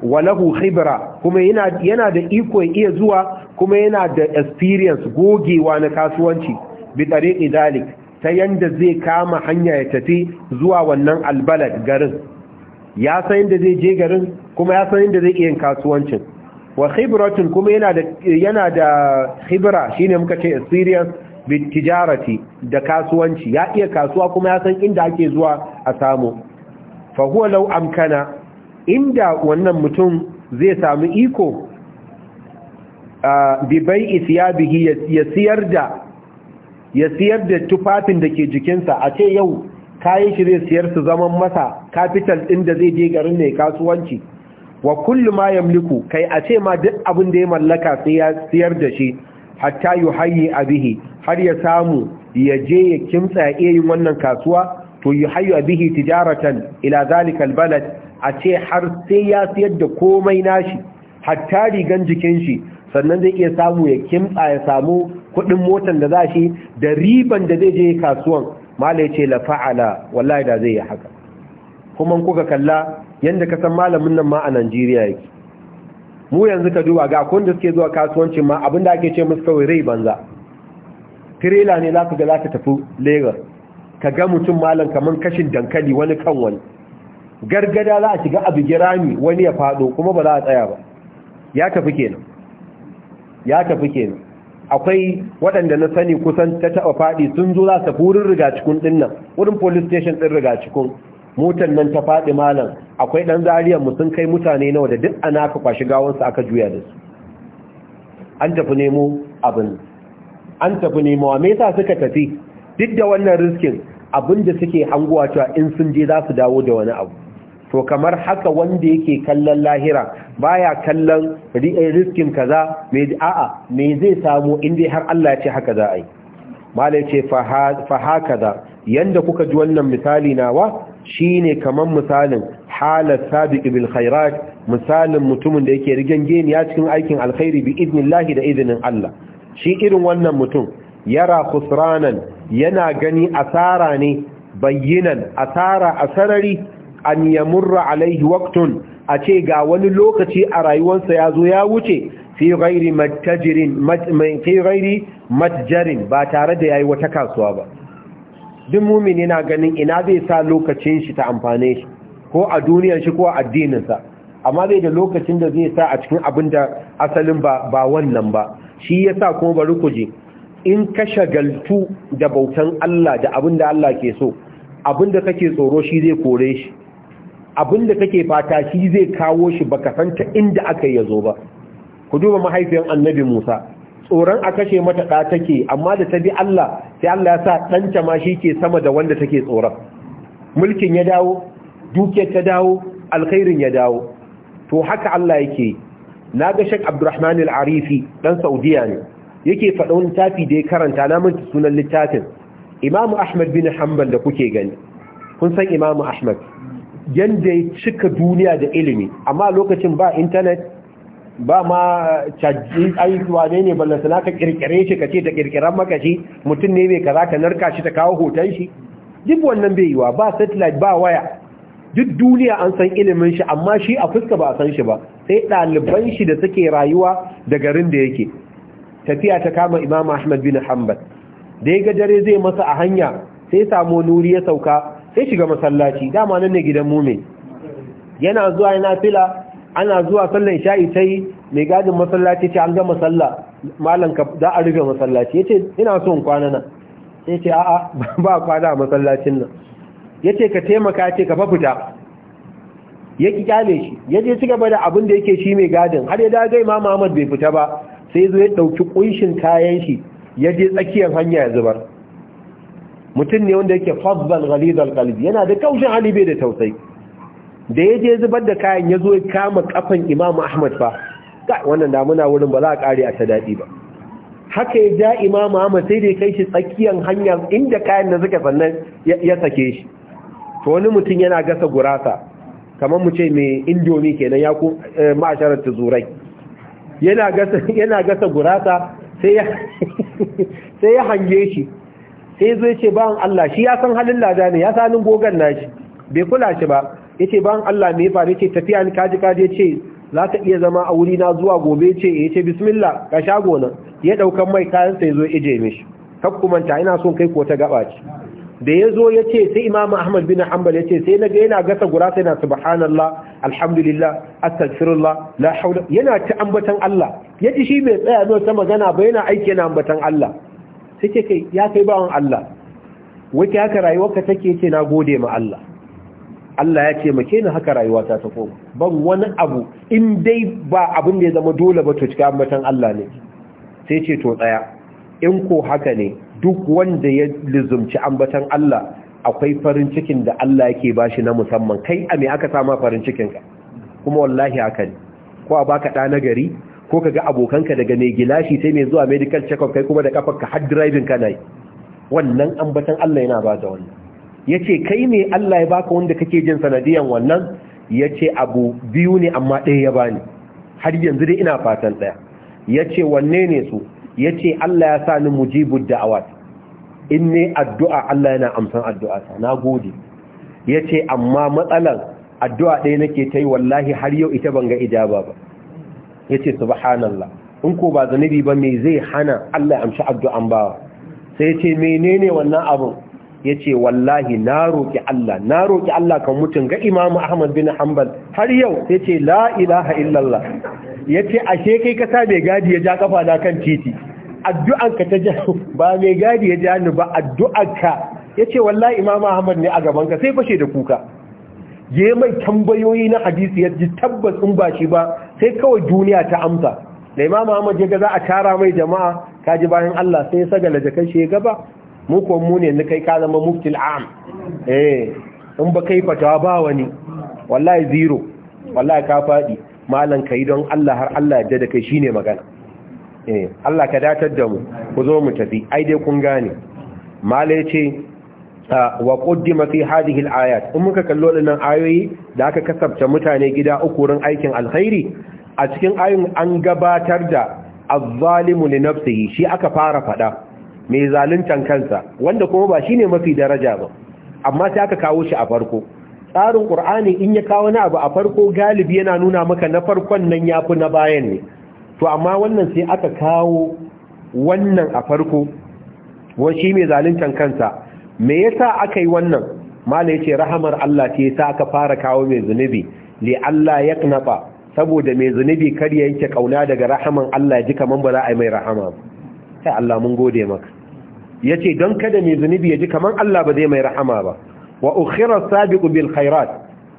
walahu khibra kuma yana yana da iko iya zuwa kuma yana da experience gogewa na kasuwanci bi tariqi dalik ta yanda zai kama hanya ya tafi zuwa wannan albalad garin ya san inda zai je garin kuma ya san inda zai iya kasuwancin wa khibratun kuma yana da yana da khibra shine muka ce experience bitijarati da kasuwanci ya iya kasuwa kuma ya san inda ake zuwa a samu fa huwa law amkana inda wannan mutum zai samu iko bi bai'i ya siyar da ya siyar da tufafin da ke jikinsa a ce yau kayan shi zai siyar su zaman masa capital din da zai je garin ne kasuwanci wa kullu ma yamliku kai a ce ma duk abin da ya mallaka sai ya siyar da shi hatta yuhayyi Abihi har ya samu ya je ya kimtsa yin wannan kasuwa to yuhayyi Abihi tijaratan ila zalika albalad a ce har sai ya siyar da komai nashi hatta rigan jikin shi sannan zai iya samu ya kimtsa ya samu kudin motar da za shi da riban da zai je kasuwan mala ya ce la fa'ala wallahi da zai yi haka kuma kuka kalla yanda ka san malamin nan ma a Najeriya yake mu yanzu ka duba ga kun da suke zuwa kasuwancin ma da ake ce musu kawai rai banza tirela ne za ku ga za ka tafi lagos ka ga mutum malam kamar kashin dankali wani kan wani gargada za a shiga abu girami wani ya fado kuma ba za a tsaya ba ya tafi kenan ya tafi kenan akwai waɗanda na sani kusan ta taɓa faɗi sun zo za su wurin rigacikun ɗin nan wurin police station ɗin rigacikun motar nan ta faɗi malam akwai ɗan zariyar mu sun kai mutane nawa da duk ana ka kwashi gawansu aka juya da su an tafi nemo abin an tafi nemo a mesa suka tafi duk da wannan riskin abin da suke hanguwa cewa in sun je za su dawo da wani abu to kamar haka wanda yake kallon lahira baya kallon riskin kaza me a'a me zai samu in dai har Allah ya ce haka za a yi malai ce fa haka yanda kuka ji wannan misali nawa Shi ne kaman misalin halat sabiq bil misalin mutumin da yake rigangeni ya cikin aikin alkhairi bi idnillahi da idnin Allah shi irin wannan mutum yara khusranan yana gani asara ne bayyinan asara asarari an yamurra alaihi waqtun a ce ga wani lokaci a rayuwarsa ya zo ya wuce fi ghairi matjarin ba tare da yayi wata kasuwa ba duk mumin yana ganin ina zai sa lokacin shi ta amfane shi ko a duniyar shi ko a addininsa amma zai da lokacin da zai sa a cikin abin da asalin ba wannan ba shi ya sa kuma bari ku je in ka shagaltu da bautan Allah da abin da Allah ke so abin da kake tsoro shi zai kore shi abin da kake fata shi zai kawo shi baka san inda aka yi zo ba ku duba mahaifiyar annabi Musa tsoron a kashe mata ɗa take amma da ta bi Allah sai Allah ya sa ɗanta ma shi ke sama da wanda take tsoron mulkin ya dawo dukiyar ta dawo alkhairin ya dawo to haka Allah yake na ga shek abdurrahman al-arifi ɗan saudiya ne yake faɗa wani tafi da ya karanta na manta sunan littafin imamu ahmad bin hanbal da kuke gani kun san imamu ahmad yanda ya cika duniya da ilimi amma lokacin ba intanet ba ma caji ayyukuwa ne ne na ka kirkire shi ka ce ta kirkiran maka shi mutum ne mai kaza ka narka shi ta kawo hoton shi duk wannan bai yiwa ba satellite ba waya duk duniya an san ilimin shi amma shi a fuska ba a san shi ba sai ɗaliban shi da suke rayuwa da garin da yake tafiya ta kama imam ahmad bin hanbal da ya ga dare zai masa a hanya sai samu nuri ya sauka sai shiga masallaci dama nan ne gidan mumin yana zuwa yana fila ana zuwa sallan sha'i ta yi mai gadin masallaci ce an gama salla malam ka za a rufe masallaci Ya ce ina so in kwana nan ya ce a'a ba kwana a masallacin nan Ya ce ka taimaka ce ka fafuta ya ki kyale shi ya je cigaba da abin da yake shi mai gadin har ya dagai ma Muhammad bai fita ba sai zo ya ɗauki kunshin kayan shi ya je tsakiyar hanya ya zubar mutum ne wanda yake fazzal ghalizal alqalbi yana da kaushin hali bai da tausayi da ya je zubar da kayan ya zo ya kama kafan imamu ahmad fa wannan damuna wurin ba za a kare a ta daɗi ba haka ya ja imamu ahmad sai da ya kai shi tsakiyar hanya inda kayan da suka sannan ya sake shi to wani mutum yana gasa gurasa kamar mu ce mai indomi kenan ya ku eh, ma'asharar yana gasa yana gasa gurasa sai ya hange shi sai zai ce bawan Allah shi ya san halin lada ne ya sanin gogan nashi bai kula shi ba yace ban Allah me ya faru yace tafiya ni kaji kaji yace za ka iya zama a wuri na zuwa gobe ce eh, yace bismillah ka sha gona ya daukan mai kayan sai zo ije mishi kak kumanta ina son kai ko ta gaba ce da ya zo ya ce sai imamu ahmad bin hanbal ya ce sai na ga yana gasa gura sai na subhanallah alhamdulillah astaghfirullah la hawla yana ta ambatan Allah ya shi mai tsaya mai ta magana ba yana aiki yana ambatan Allah sai ke kai ya kai bawan Allah wace haka rayuwarka take yace na gode ma Allah Allah ya ce make ni haka rayuwata ta koma ban wani abu in dai ba abin da ya zama dole ba to cika ambatan Allah ne sai ce to tsaya in ko haka ne duk wanda ya lizumci ambatan Allah akwai farin cikin da Allah yake bashi na musamman kai a me aka sama farin cikin ka kuma wallahi haka ne ko a baka da na gari ko kaga abokanka daga mai gilashi sai mai zuwa medical check up kai kuma da kafarka hard driving kana yi wannan ambatan Allah yana ba da wannan yace kai ne Allah ya baka wanda kake jin sanadiyan wannan yace abu biyu ne amma ɗaya ya bani har yanzu dai ina fatan ɗaya yace wanne ne su yace Allah ya sa ni da awa in ne addu'a Allah yana amsan addu'a sa gode ya yace amma matsalan addu'a ɗaya nake ta yi wallahi har yau ita ban ga ijaba ba ya ce subhanallah in ko ba zanibi ba me zai hana Allah ya amshi addu'an bawa sai ce menene wannan abin ya ce wallahi na roƙi Allah na roƙi Allah kan mutum ga imamu Ahmad bin Hanbal har yau ya ce la ilaha illallah ya ce ashe kai kasa mai gadi ya ja kafa na kan titi addu'anka ta ja ba mai gadi ya ja ni ba addu'anka ya ce wallahi imamu Ahmad ne a gabanka sai fashe da kuka je mai tambayoyi na hadisi ya ji tabbas in ba shi ba sai kawai duniya ta amsa da imamu Ahmad ya ga za a tara mai jama'a kaji bayan Allah sai ya sagala jakan shi ya gaba mu ko mu ne kai ka zama muftil am eh in ba kai fatawa ba wani wallahi zero wallahi ka fadi malan kai don Allah har Allah ya da kai shine magana eh Allah ka datar da mu ku zo mu tafi ai dai kun gane mala ce ah, wa qaddima fi hadhihi alayat ayat in muka kallo nan ayoyi da aka kasabta mutane gida uku rin aikin alkhairi a cikin ayoyin an gabatar da az-zalimu li nafsihi shi aka fara fada mai zaluntan kansa wanda kuma ba shine mafi daraja ba amma sai aka kawo shi a farko tsarin qur'ani in ya kawo na abu a farko galibi yana nuna maka na farkon nan yafi na bayan ne to amma wannan sai aka kawo wannan a farko wa shi mai zaluntan kansa me yasa aka yi wannan mala ce rahamar Allah ce yasa aka fara kawo mai zunubi li Allah ya knafa saboda mai zunubi kar ya yanke kauna daga rahaman Allah ya ji kaman ba za a yi mai rahama sai Allah mun gode maka yace don kada mai zunubi ya ji kamar Allah ba zai mai rahama ba wa ukhiras sabiqu bil khairat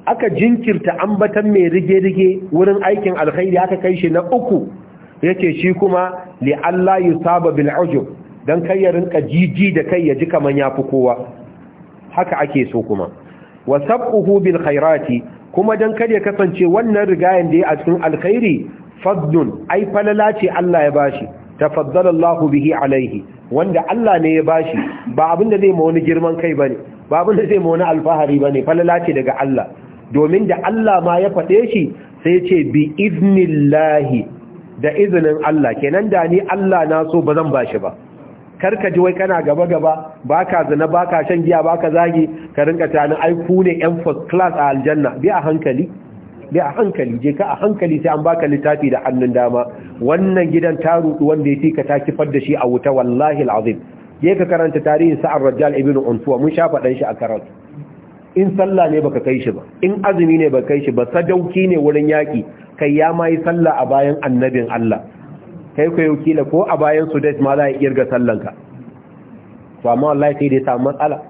aka jinkirta ambatan mai rige-rige wurin aikin alkhairi aka kai shi na uku yace shi kuma li Allah yusaba bil ujub dan kai ya rinka jiji da kai ya ji kamar yafi kowa haka ake so kuma wa sabquhu bil khairati kuma dan kada ya kasance wannan rigayen da ya a cikin alkhairi fadlun ai falala ce Allah ya bashi tafaddala Allahu bihi alaihi wanda Allah ne ya bashi ba abin da zai ma wani girman kai bane ba abin da zai ma wani alfahari bane falala ce daga Allah domin da Allah ma ya faɗe shi sai ce bi iznillahi da izinin Allah kenan da ni Allah na so ba zan bashi ba karka ji wai kana gaba gaba baka zina baka shan giya baka zagi ka rinka tunanin ai ku ne yan first class a aljanna bi a hankali bi a hankali je ka a hankali sai an baka littafi da hannun dama wannan gidan ta rudu wanda ya ka ta far da shi a wuta wallahi alazim je ka karanta tarihin sa'ar rajal ibn unsuwa mun sha faɗan shi a karatu in sallah ne baka kai shi ba in azumi ne baka kai shi ba sadauki ne wurin yaki kai ya mayi sallah a bayan annabin Allah kai ko kila ko a bayan sudet ma za a kirga sallanka to amma wallahi sai dai samu matsala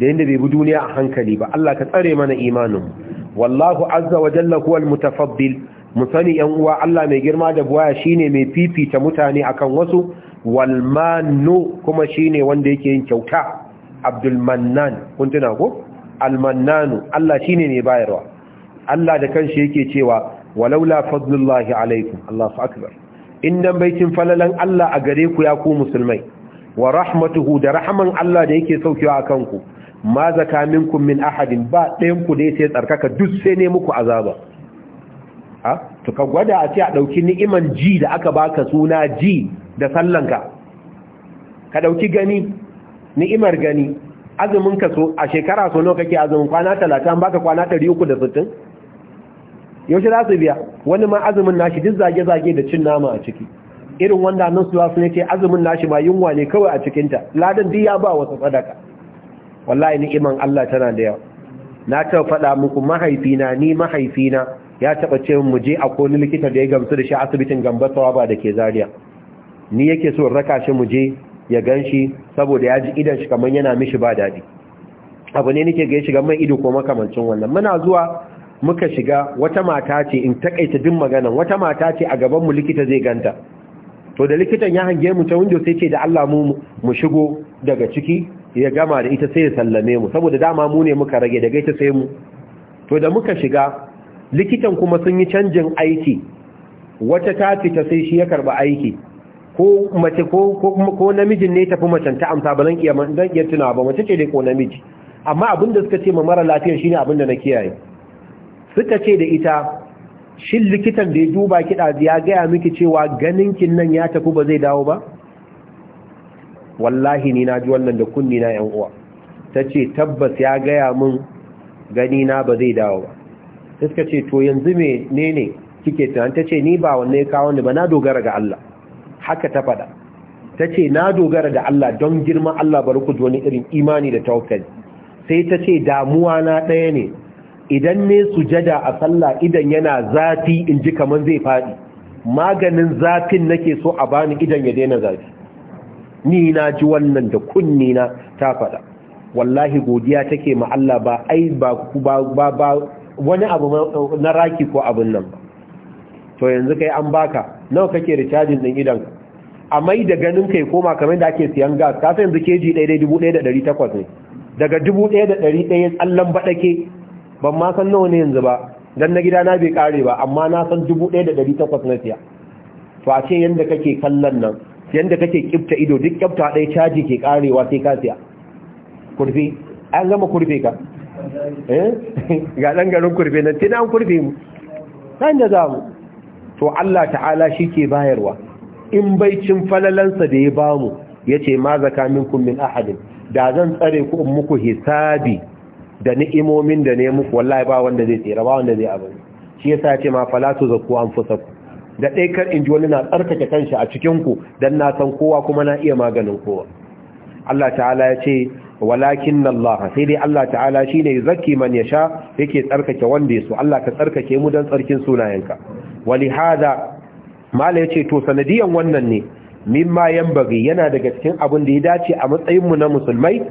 da yanda bai bi duniya a hankali ba Allah ka tsare mana imanin mu wallahu azza wa jalla huwal mutafaddil mu yan uwa Allah mai girma da buwaya shine mai fifita mutane akan wasu wal mannu kuma shine wanda yake yin kyauta Abdul Mannan kun tuna ko Al Mannanu Allah shine mai bayarwa Allah da kanshi yake cewa walaula fadlullahi alaikum Allahu akbar indan baitin falalan Allah a gare ku ya ku musulmai wa rahmatuhu da rahman Allah da yake saukewa akan ku ma zaka minkum min ahadin ba ɗayan ku dai sai tsarkaka duk sai ne muku azaba ha to ka gwada a ce a dauki ni'iman ji da aka baka suna ji da sallanka ka dauki gani ni'imar gani azumin ka so a shekara so nawa kake azumin kwana 30 baka kwana 360 yaushe za su biya wani ma azumin nashi duk zage-zage da cin nama a ciki irin wanda nan su ne ce azumin nashi ma yunwa ne kawai a cikinta ladan duk ya ba wasu sadaka wallahi iman Allah tana da yawa na taɓa faɗa muku mahaifina ni mahaifina ya taɓa ce mu je a koni likita da ya gamsu da shi asibitin Sawa ba da ke Zariya. ni yake so raka shi mu je ya gan shi saboda ya ji idan shi kamar yana mishi ba daɗi abu ne nake gaya shiga mai ido ko makamancin wannan muna zuwa muka shiga wata mata ce in takaita din maganan wata mata ce a gaban mu likita zai ganta to da likitan ya hange mu ta wunjo sai ce da Allah mu mu shigo daga ciki ya gama da ita sai ya sallame mu saboda dama mu ne muka rage daga ita sai mu to da muka shiga likitan kuma sun yi canjin aiki wata ta fita sai shi ya karba aiki ko mace ko ko namijin ne tafi macen ta amsa ba nan iya dan iya tuna ba mace ce dai ko namiji amma abin da suka ce ma mara lafiya shine abin da na kiyaye suka ce da ita shin likitan da ya duba kiɗa ya gaya miki cewa ganin kin nan ya tafi ba zai dawo ba wallahi ni na ji wannan da kunni na yan uwa ta ce tabbas ya gaya mun gani na ba zai dawo ba ta suka ce to yanzu me ne ne kike tunan ta ce ni ba wanne kawo ni ba na dogara ga Allah haka ta faɗa ta ce na dogara da Allah don girman Allah bari ku wani irin imani da tawakkali sai ta ce damuwa na ɗaya ne idan ne sujada a sallah idan yana zafi in ji kamar zai faɗi maganin zafin nake so a bani idan ya daina zafi ni na ji wannan da kunni na ta faɗa wallahi godiya take ma Allah ba ai ba ba ba wani abu na raki ko abin nan ba to yanzu kai an baka nawa kake recharging din idan a mai da ganin kai koma kamar da ake siyan gas ka san yanzu keji takwas ne daga 1,100 tsallan baɗake ban ma san nawa ne yanzu ba dan na gida na bai kare ba amma na san takwas na siya to a ce yanda kake kallon nan yanda kake kifta ido duk kifta ɗaya caji ke karewa sai ka siya kurfi an gama kurfe ka eh? ga ɗan garin kurfe nan tun an kurfe mu nan da za mu to Allah ta'ala shi ke bayarwa in baicin falalansa da ya bamu ya ce ma zaka minkum min ahadin da zan tsare ku in muku hisabi da ni'imomin da ne muku wallahi ba wanda zai tsira ba wanda zai abu shi yasa ya ma falatu zaku anfusakum da ɗai kar in ji wani na tsarkake kanshi a cikinku don na san kowa kuma na iya maganin kowa Allah ta'ala ya ce walakin Allah sai dai Allah ta'ala shi ne zaki man ya sha yake tsarkake wanda ya so Allah ka tsarkake mu don tsarkin sunayenka wali hada mala ya ce to sanadiyan wannan ne mimma yan bagi yana daga cikin abin da ya dace a matsayinmu na musulmai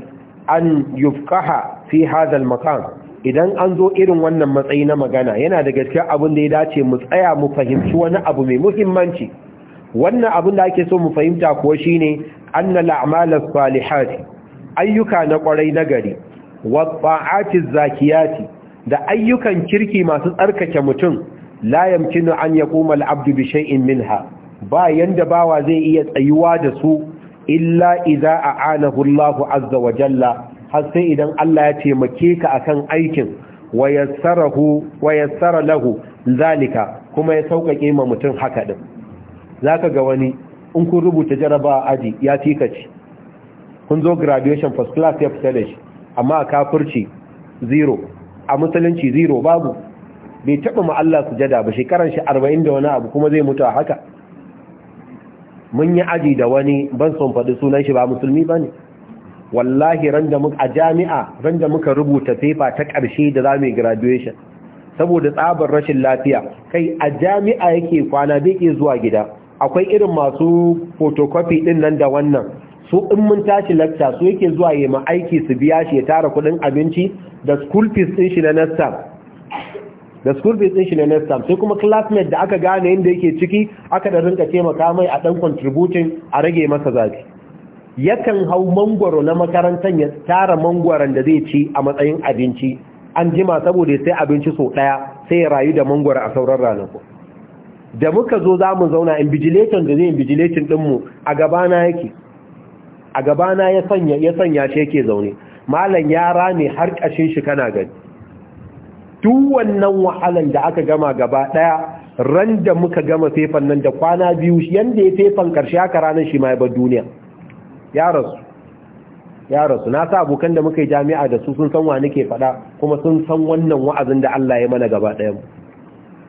an yufkaha fi hadal makam. idan an zo irin wannan matsayi na magana yana da gaskiya abin da ya dace mu tsaya mu fahimci wani abu mai muhimmanci wannan abin da ake so mu fahimta kuwa shine anna la'malas salihat ayyuka na kwarai nagari wa ta'atiz zakiyati da ayyukan kirki masu tsarkake mutum la yamkinu an yaquma al-abdu bi shay'in minha ba yanda bawa zai iya tsayuwa da su illa idza a'anahu Allahu azza wa jalla har sai idan Allah ya taimake ka akan aikin wa yassara lahu zalika kuma ya sauƙaƙe ma mutum haka din zaka ga wani in kun rubuta jaraba aji ya tikaci kun zo graduation first class ya fita da shi amma a kafirci zero a musulunci zero babu bai taɓa ma Allah sujada ba shekaran shi 40 da wani abu kuma zai mutu a haka mun yi aji da wani ban son faɗi sunan shi ba musulmi ba ne wallahi randa muka a jami'a randa muka rubuta fefa ta ƙarshe da za mu graduation saboda tsabar rashin lafiya kai a jami'a yake kwana bai iya zuwa gida akwai irin masu photocopy din nan da wannan su in mun tashi lecture su yake zuwa yi ma aiki su biya shi ya tara kuɗin abinci da school fees din shi na nasta da school fees din shi na sai kuma classmate da aka gane inda yake ciki aka da rinka taimaka mai a ɗan contributing a rage masa zafi yakan hau mangwaro na makarantar ya tara mangwaron da zai ci a matsayin abinci an jima saboda sai abinci sau ɗaya sai ya rayu da mangwaro a sauran ranaku da muka zo za mu zauna invigilator da zai invigilator ɗinmu a gabana yake a gabana ya sanya ya sanya shi yake zaune malam ya rame har ƙashin shi kana gani duk wannan wahalan da aka gama gaba ɗaya ran da muka gama fefan nan da kwana biyu yanda ya fefan ƙarshe aka ranar shi ma ya bar duniya ya rasu ya rasu na sa abokan da muka yi jami'a da su sun san wa nake faɗa kuma sun san wannan wa'azin da Allah ya mana gaba ɗayan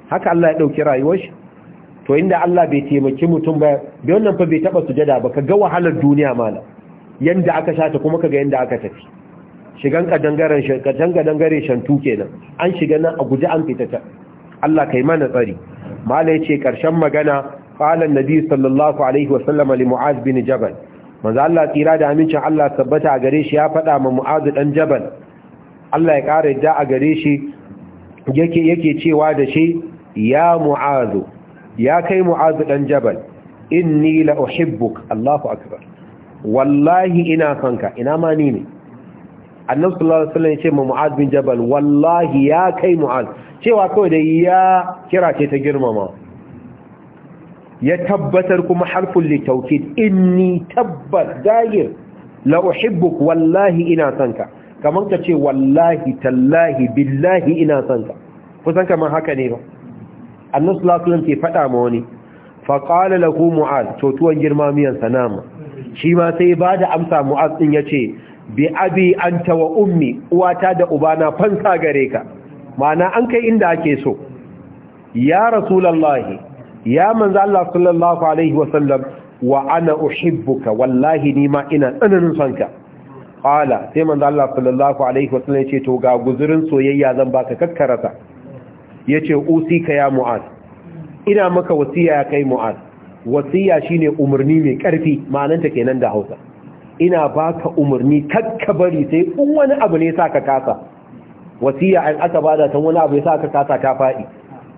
haka Allah ya ɗauki rayuwar shi to inda Allah bai taimaki mutum ba bai wannan fa bai taɓa sujada ba ka ga wahalar duniya mala yanda aka shata kuma ka ga yanda aka tafi shigan kadangaren shantu kenan an shiga nan a guji an fita ta Allah kai mana tsari mala yace karshen magana qala annabi sallallahu alaihi wa sallam li mu'az bin jabal manzo Allah tsira da amincin Allah tabbata a gare shi ya faɗa ma Mu'azu dan Jabal Allah ya ƙara yadda a gare shi yake yake cewa da shi ya Mu'azu ya kai Mu'azu dan Jabal inni la uhibbuk Allahu akbar wallahi ina son ina ma ni ne Annabi sallallahu alaihi wasallam ya ce ma Mu'az bin Jabal wallahi ya kai Mu'az cewa kawai da ya kira ce ta girmama ya tabbatar kuma harfin litaukid inni tabbas dahir la uhibbuk wallahi ina sanka kamar ka ce wallahi tallahi billahi ina sanka kusan kamar haka ne ba annabi sallallahu ke faɗa ma wani fa qala lahu mu'az cotuwan girma miyan sanama shi ma sai ba da amsa mu'az ya yace bi abi an tawa ummi uwata da ubana fansa gare ka ma'ana an kai inda ake so ya rasulallahi ya manzo Allah sallallahu alaihi wasallam wa ana uhibbuka wallahi ni ma ina tsananin sanka qala sai manzo Allah sallallahu alaihi wasallam yace to ga guzurin soyayya zan baka kakkarata yace ka ya mu'az ina maka wasiya ya kai mu'az wasiya shine umarni mai karfi ma'ananta kenan da Hausa ina baka umarni bari sai in wani abu ne saka kasa wasiya an aka bada tan wani abu ya saka kasa ta faɗi.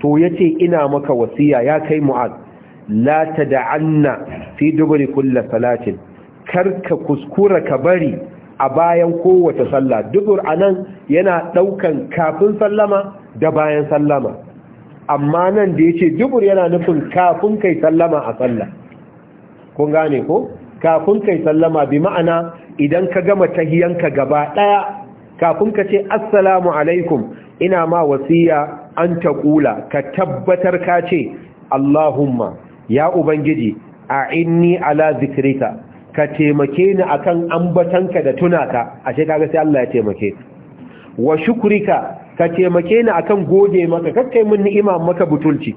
to ya ce ina maka wasiya ya kai mu'az la tad'anna fi dubri kulli salatin karka kuskura ka bari a bayan kowace sallah dubur anan yana ɗaukan kafin sallama da bayan sallama amma nan da yace dubur yana nufin kafin kai sallama a sallah kun gane ko kafin kai sallama bi ma'ana idan ka gama tahiyanka gaba ɗaya kafin ka ce assalamu alaikum ina ma wasiya an ta kula ka tabbatar ka ce Allahumma ya ubangiji a inni ala zikrika ka taimake ni akan ambatanka da tunaka ashe kaga sai Allah ya taimake wa shukrika ka taimake ni akan goge maka kakkai mun ni'ima maka butulci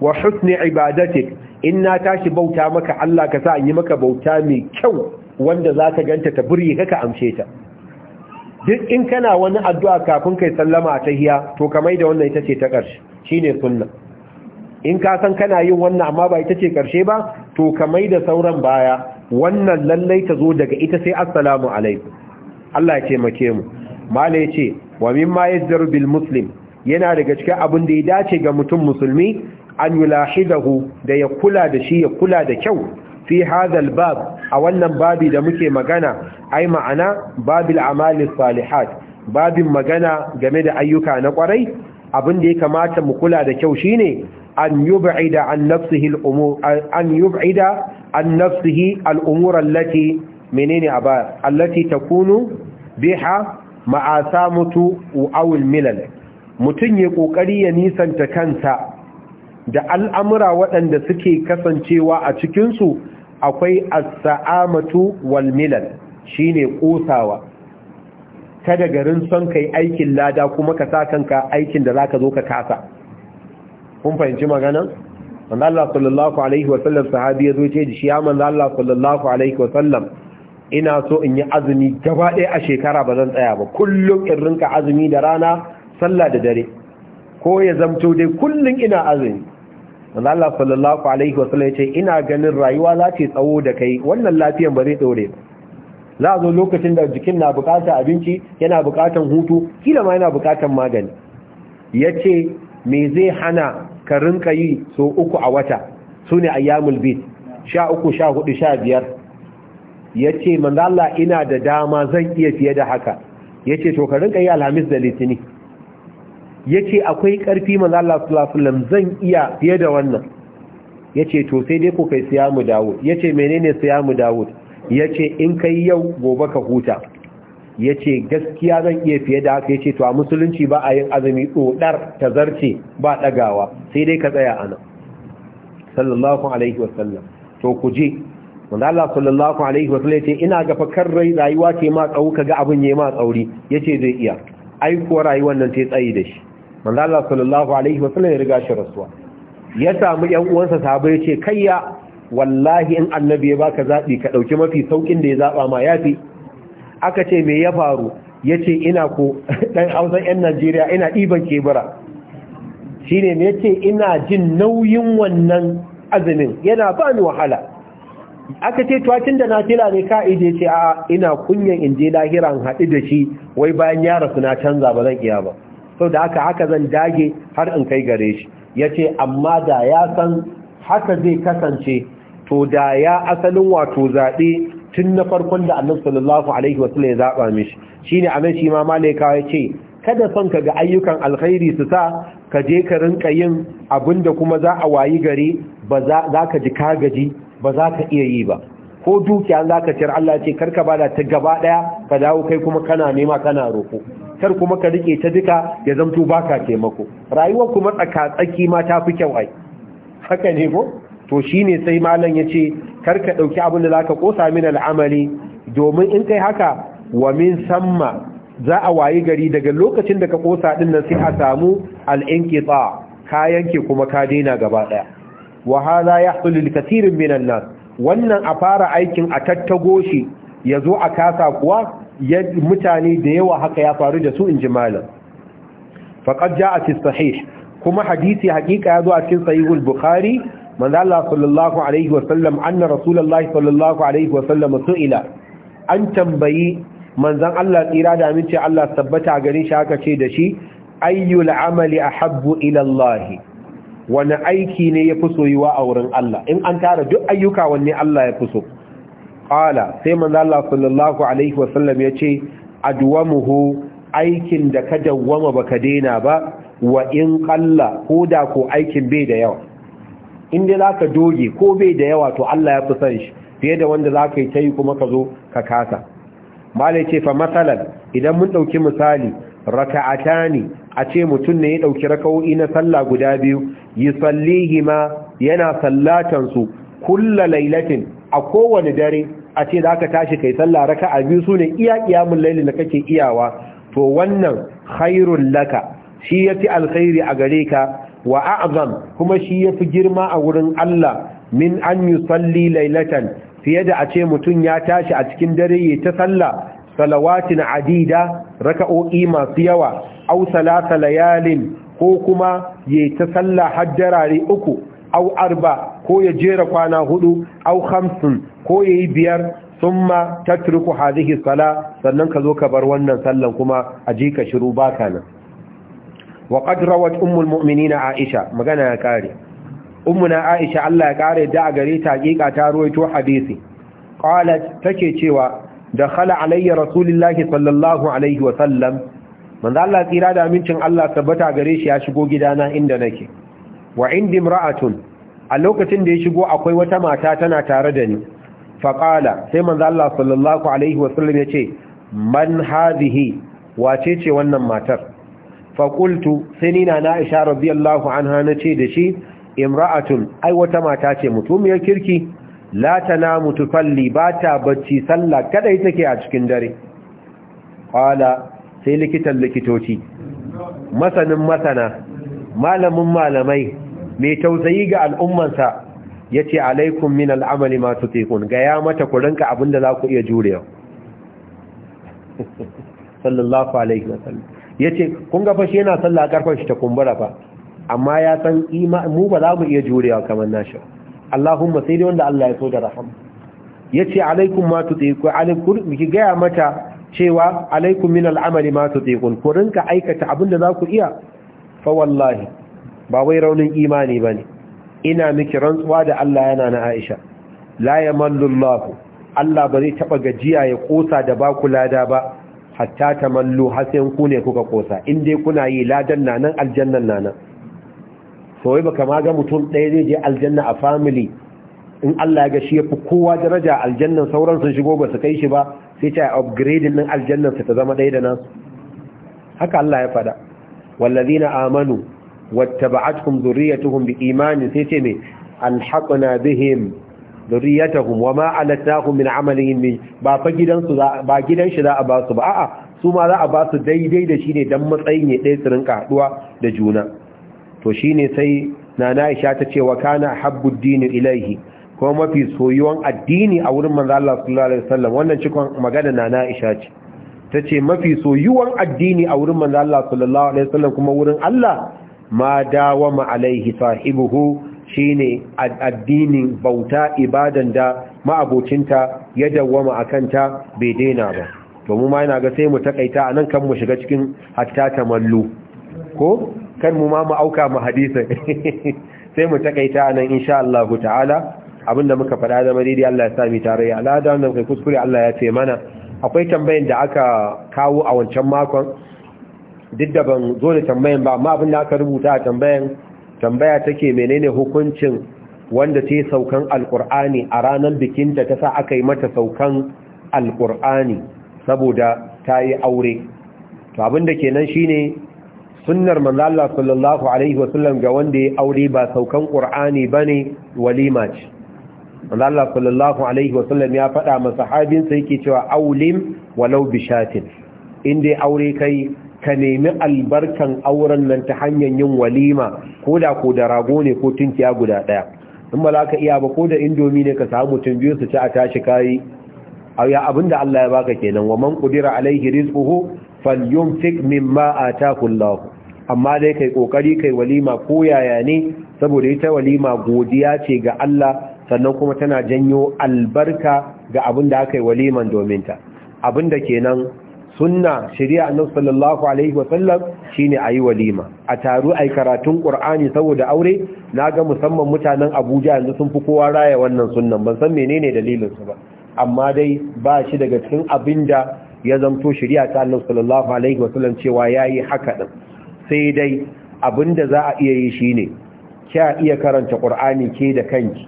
wa husni ibadatik in na tashi bauta maka Allah ka sa an yi maka bauta mai kyau wanda zaka ganta ta burye kaka amshe ta duk in kana wani addu'a kafin kai sallama a tahiya to kamai da wannan ita ce ta ƙarshe shi ne sunna in ka san kana yin wannan amma ba ita ce ƙarshe ba to kamar da sauran baya wannan lallai ta zo daga ita sai assalamu alaikum Allah ya ce make mu mala ya ce wa ma yazdaru bil muslim yana daga cikin abin da ya dace ga mutum musulmi an yulahidahu da ya kula da shi ya kula da kyau fi hadal bab a wannan babi da muke magana ai ma'ana babil amali salihat babin magana game da ayyuka na kwarai abin da ya kamata mu kula da kyau shine an yub'ida an nafsihi al an yub'ida an nafsihi al allati menene aba allati takunu biha aw al-milal mutun ya kokari ya nisanta kansa da al'amura waɗanda suke kasancewa a cikinsu akwai Asa'amatu saamatu wal milal shine kosawa kada garin son kai aikin lada kuma ka sa kanka aikin da zaka zo ka kasa kun fahimci magana manzo Allah sallallahu alaihi wa sallam sahabi ya zo ce shi ya manzo Allah sallallahu alaihi wa sallam ina so in yi azumi gaba ɗaya a shekara ba zan tsaya ba kullum in rinka azumi da rana sallah da dare ko ya zamto dai kullum ina azumi manzo Allah sallallahu alaihi wasallam yace ina ganin rayuwa za ta tsawo da kai wannan lafiyar ba zai dore ba za a zo lokacin da jikin na bukatar abinci yana bukatar hutu kila ma yana bukatar magani yace me zai hana ka rinka yi so uku a wata sune ayyamul bid 13 14 15 yace manzo Allah ina da dama zan iya fiye da haka yace to ka rinka yi alhamis da litini yace akwai ƙarfi manzo Allah zan iya fiye da wannan yace to sai dai ku kai mu Dawud yace menene mu Dawud yace in kai yau gobe ka huta yace gaskiya zan iya fiye da haka yace to a musulunci ba a yin azumi ta zarce ba ɗagawa, sai dai ka tsaya ana sallallahu alaihi wasallam to ku je wanda Allah sallallahu alaihi wasallam yace ina ga fakar rai rayuwa ce ma tsawo kaga abin yayi ma tsauri yace zai iya ai kuwa rayuwar nan sai tsayi da shi manzo Allah sallallahu alaihi wasallam ya riga shi rasuwa ya samu yan uwansa sahabbai ya ce kayya wallahi in annabi ya baka zabi ka dauki mafi saukin da ya zaba ma yafi aka ce me ya faru yace ina ko dan hausan yan Najeriya ina diban kebura shine me yace ina jin nauyin wannan azumin yana ba ni wahala aka ce tuwakin da na fila ne ka'ide ce a ina kunyan in je lahiran haɗu da shi wai bayan ya rasu na canza ba zan iya ba sau da haka haka zan dage har in kai gare shi ya ce amma da ya san haka zai kasance to da ya asalin wato zaɓe tun na farkon da annabi sallallahu alaihi wasallam ya zaɓa mishi shine anan shi ma malaika ya ce kada son ka ga ayyukan alkhairi su sa ka je ka rinka yin da kuma za a wayi gare, ba za ka ji ka gaji ba za ka iya yi ba ko dukiya za ka ciyar Allah ce karka da ta gaba daya ka dawo kai kuma kana nema kana roko kar kuma ka rike ta duka ya zamto baka taimako rayuwar kuma tsaka tsaki ma ta fi kyau ai haka ne ko to shine sai malam yace kar ka dauki abin da zaka kosa min al'amali domin in kai haka wa min samma za a wayi gari daga lokacin da ka kosa din nan sai a samu al'inqita ka yanke kuma ka daina gaba daya wa hadha yahsul lil kathirin minan nas wannan a fara aikin a tattago shi ya zo a kasa kuwa mutane da yawa haka ya faru da su in ji malam Faƙar ja a sahih kuma hadisi haƙiƙa ya zo a cikin sahihul bukhari manzo Allah sallallahu alaihi wa sallam anna rasulullahi sallallahu alaihi wa su ila an tambayi Manzan Allah tsira da amince Allah tabbata garin shi haka ce da shi ayyul amali a habbu ilallahi wani aiki ne ya fi soyuwa a wurin Allah in an tara duk ayyuka wanne Allah ya fi so Ƙala, sai manzo Allah sallallahu alaihi wasallam yace adwamuhu aikin da ka dawwama baka daina ba wa in qalla ko da ko aikin bai da yawa in dai zaka doge ko bai da yawa to Allah ya fi son shi fiye da wanda zaka yi tayi kuma ka zo ka kasa malai ce fa masalan idan mun dauki misali raka'atani a ce mutum ne ya dauki raka'o'i na sallah guda biyu yusallihima yana sallatan su kulla lailatin a kowane dare a ce zaka tashi kai sallah raka'a biyu sune iya qiyamul layli da kake iyawa to wannan khairul laka shi yafi alkhairi a gare ka wa a'zam kuma shi yafi girma a wurin Allah min an yusalli lailatan fiye da a ce mutum ya tashi a cikin dare ya ta sallah salawatin adida raka'o'i masu yawa au salata layalin ko kuma ya ta sallah hajjarare uku au arba ko ya jera kwana hudu au hamsin ko ya yi biyar ma tatruku hadhihi sala sannan ka zo ka bar wannan sallan kuma a ji ka shiru baka nan wa qad rawat aisha magana ya kare ummuna aisha Allah ya kare da a gare ta hakika ta ruwaito hadisi qalat take cewa da khala alayya rasulullahi sallallahu alaihi wa sallam manzo Allah tsira da amincin Allah tabbata gare shi ya shigo gidana inda nake wa indi imra'atun a lokacin da ya shigo akwai wata mata tana tare da ni fa sai manzo sallallahu alaihi wa sallam yace man hadhihi wace ce wannan matar Faƙultu, qultu sai ni na Aisha radiyallahu anha nace da shi imra'atun ai wata mata ce mutumiyar kirki la namu tufalli ba ta bacci sallah kadai take a cikin dare kwala sai likitan likitoci masanin masana malamin malamai mai tausayi ga al'ummansa ya ce alaikum min al'amali masu tekun; ga ya mata ku rinka abinda za ku iya jurewa sallallahu alaihi ya yace kun gafa shi yana sallah karfan ta kumbura fa amma ya san mu ba za mu iya jurewa kamar nashi Allahumma sai dai wanda Allah ya so da rahama yace alaikum ma tutiqu alaikum miki gaya mata cewa alaikum min al'amali ma tutiqun ku rinka aikata abinda za ku iya fa wallahi ba wai raunin imani bane ina miki rantsuwa da Allah yana na Aisha la yamallu Allah Allah ba zai taba gajiya ya kosa da ba ku lada ba hatta tamallu hasen ku ne kuka kosa in dai kuna yi ladan nan, aljannan nan. kawai baka ma ga mutum ɗaya zai je aljanna a family in Allah ya gashi ya fi kowa daraja aljannan sauran sun shigo ba su kai shi ba sai ta upgrading din aljannan su ta zama ɗaya da nan. haka Allah ya faɗa wallazina amanu wattaba'atkum dhurriyyatuhum biimanin sai ce me alhaqna bihim dhurriyyatuhum wama alatnahum min amalihim ba fa gidan su ba gidan shi za a ba su ba a'a su ma za a ba su daidai da shi ne dan matsayin ya ɗaya su rinka haɗuwa da juna to shine sai nana Aisha ta ce wa kana habbud dini ilaihi kuma mafi soyuwan addini a wurin manzo Allah sallallahu alaihi wasallam wannan cikon magana nana Aisha ce tace mafi soyuwan addini a wurin manzo Allah sallallahu alaihi wasallam kuma wurin Allah ma ma alaihi sahibuhu shine addinin bauta ibadan da ma'abocinta ya dawwama akanta bai daina ba to mu ma yana ga sai mu takaita anan kan mu shiga cikin hatta tamallu ko kan mu ma mu auka mu hadisin sai mu takaita nan insha Allah ta'ala abinda muka faɗa da madidi Allah ya sa mu tare ya da wannan kai kuskure Allah ya ce mana akwai tambayan da aka kawo a wancan makon duk da ban zo da tambayan ba amma abinda aka rubuta a tambayan tambaya take menene hukuncin wanda ta yi saukan alkur'ani a ranar bikinta ta sa aka yi mata saukan alkur'ani saboda ta yi aure to abinda kenan shine sunnar manzo Allah sallallahu alaihi wasallam ga wanda ya aure ba saukan qur'ani bane walima ce manzo Allah sallallahu alaihi wasallam ya faɗa ma sahabinsa yake cewa aulim walau bishatin inda aure kai ka nemi albarkan auren nan ta hanyar yin walima ko da ko da rago ne ko tunkiya guda daya in ba za ka iya ba ko da indomi ne ka samu mutum biyu su ci a tashi kayi ya abinda Allah ya baka kenan wa man kudira alaihi rizquhu falyunfik mimma ataahu Allah amma dai kai kokari kai walima ko yaya ne saboda ita walima godiya ce ga Allah sannan kuma tana janyo albarka ga abin da aka yi waliman domin ta abinda kenan sunna shari'a annabi sallallahu alaihi wasallam shine ayi walima a taru ai karatun qur'ani saboda aure naga musamman mutanen Abuja yanzu sun fi kowa raya wannan sunnan ban san menene dalilin su ba amma dai ba shi daga cikin abinda ya zamto shari'a ta annabi sallallahu alaihi wasallam cewa yayi haka din sai dai abinda za a iya yi shi ne, kya iya karanta Kur'ani ke da kanki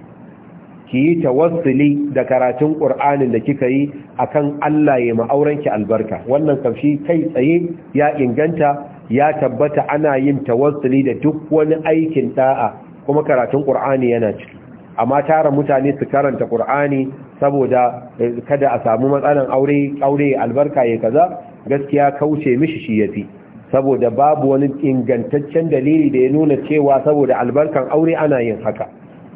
ki yi tawassuli da karatun qur'anin da kika yi a kan Allah ya ma'auranki albarka wannan kamshi kai tsaye ya inganta ya tabbata ana yin tawassuli da duk wani aikin ɗaa kuma karatun qur'ani yana ciki amma tara mutane su karanta ƙur'ani saboda eh, kada a samu matsalan aure aure albarka ya kaza gaskiya kauce mishi shi yafi saboda babu wani ingantaccen dalili da ya nuna cewa saboda albarkan aure ana yin haka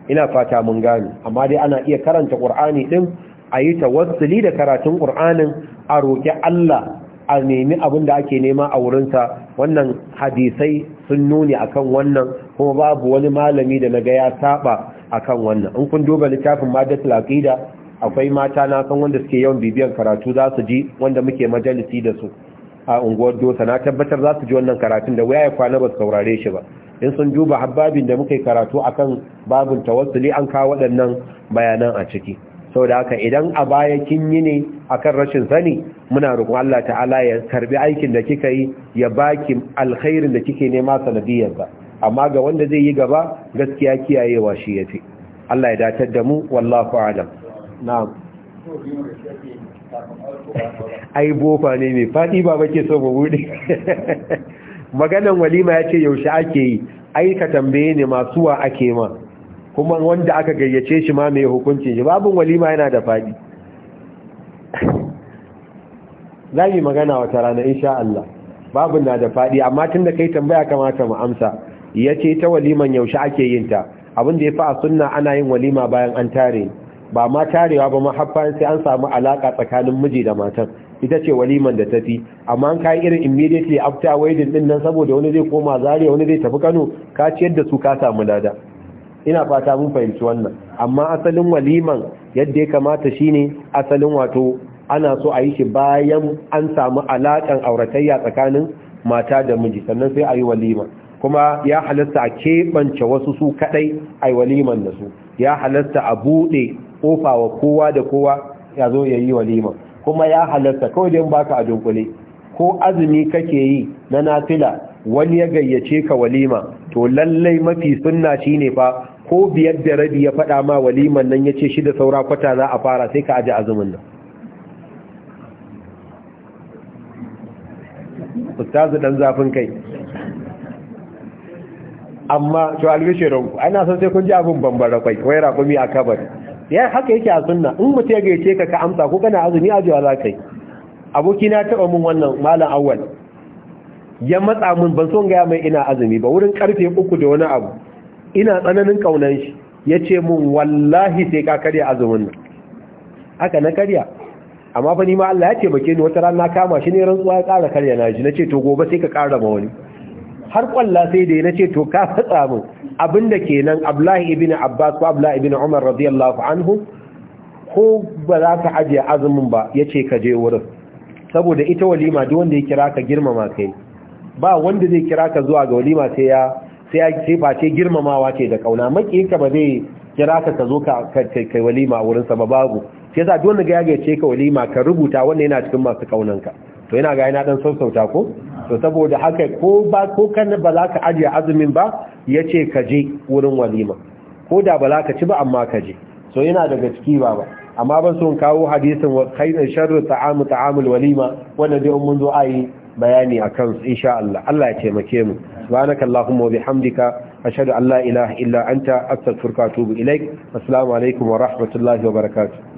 ina fata mun gani amma dai ana iya karanta qur'ani din a yi tawassuli da karatun qur'anin a roki Allah a nemi abin da ake nema a wurinsa wannan hadisai sun nuni akan wannan kuma babu wani malami da naga ya saba akan wannan in kun duba littafin madatul aqida akwai mata na san wanda suke yawan bibiyan karatu za su ji wanda muke majalisi da su a unguwar dosa na tabbatar za su ji wannan karatun da waya kwana ba su saurare shi ba in sun duba habbabin da muka yi karatu akan babin tawassuli an kawo waɗannan bayanan a ciki Sau da haka idan a baya kin yi ne a kan rashin sani muna roƙon Allah ta'ala ya karbi aikin da kika yi ya baki alkhairin da kike nema sanadiyar ba amma ga wanda zai yi gaba gaskiya kiyayewa shi ya fi. Allah ya datar da mu wallahu a'lam na'am ai bofa ne mai faɗi ba bake so mu buɗe maganan walima ya ce yaushe ake yi ai ka tambaye ne masu wa ake ma kuma wanda aka gayyace shi ma mai hukuncin shi babin walima yana da faɗi za mu magana wata rana insha Allah babin na da faɗi amma tun da kai tambaya kamata mu amsa ya ce ta waliman yaushe ake yinta. abin da ya fi a sunna ana yin walima bayan an tare ba ma tarewa ba ma haffa sai an samu alaka tsakanin miji da matan ita ce waliman da tafi amma an kai irin immediately after wedding din nan saboda wani zai koma zariya wani zai tafi Kano ka ciyar da su ka samu lada ina fata mun fahimci wannan amma asalin waliman yadda ya kamata shine asalin wato ana so a yi shi bayan an samu alakan auratayya tsakanin mata da miji sannan sai a yi walima kuma ya halasta a keɓance wasu su kaɗai a waliman da su ya halasta a buɗe kofa wa kowa da kowa ya zo ya yi walima kuma ya halarta kawai don baka a dunkule ko azumi kake yi na nafila wani ya gayyace ka walima to lallai mafi sunna shine fa ko biyar da rabi ya faɗa ma waliman nan ya ce shi da saura kwata za a fara sai ka aji azumin nan ustazu dan zafin kai amma to albishirin ana son sai kun ji abin bambara kwai kwai rakumi a kabar ya haka yake a sunna in mutum ya gaice ka ka amsa ko kana azumi ajewa za ka yi aboki na taɓa mun wannan malam awwal ya matsa mun ban son gaya mai ina azumi ba wurin karfe uku da wani abu ina tsananin kaunan shi ya ce mun wallahi sai ka karya azumin nan haka na karya amma fa ni ma Allah ya ke ni wata rana kama shi ne rantsuwa ya ƙara karya na shi na ce to gobe sai ka ƙara ma wani har kwalla sai da na ce to ka fatsa mu abinda ke nan abdullahi ibn abbas ko abdullahi ibn umar radiyallahu anhu ko ba za ka ajiye azumin ba ya ce ka je wurin saboda ita walima duk wanda ya kira ka girmama kai ba wanda zai kira ka zuwa ga walima sai ya sai ya sai girmamawa ce da kauna ka ba zai kira ka ka zo ka kai walima a wurinsa ba babu sai yasa duk wanda ga ya ce ka walima ka rubuta wanda yana cikin masu kaunanka to yana ga yana dan sassauta ko to saboda haka ko ba ko ba za ka ajiye azumin ba yace ka je wurin walima ko da ba za ka ci ba amma ka je so yana daga ciki ba amma ban so kawo hadisin wa khairu sharru ta'amu ta'amul walima wanda dai mun zo ayi bayani akan insha Allah Allah ya taimake mu subhanakallahumma wa bihamdika أشهد أن illa anta إلا أنت أستغفرك ilaik إليك alaikum wa ورحمة wa وبركاته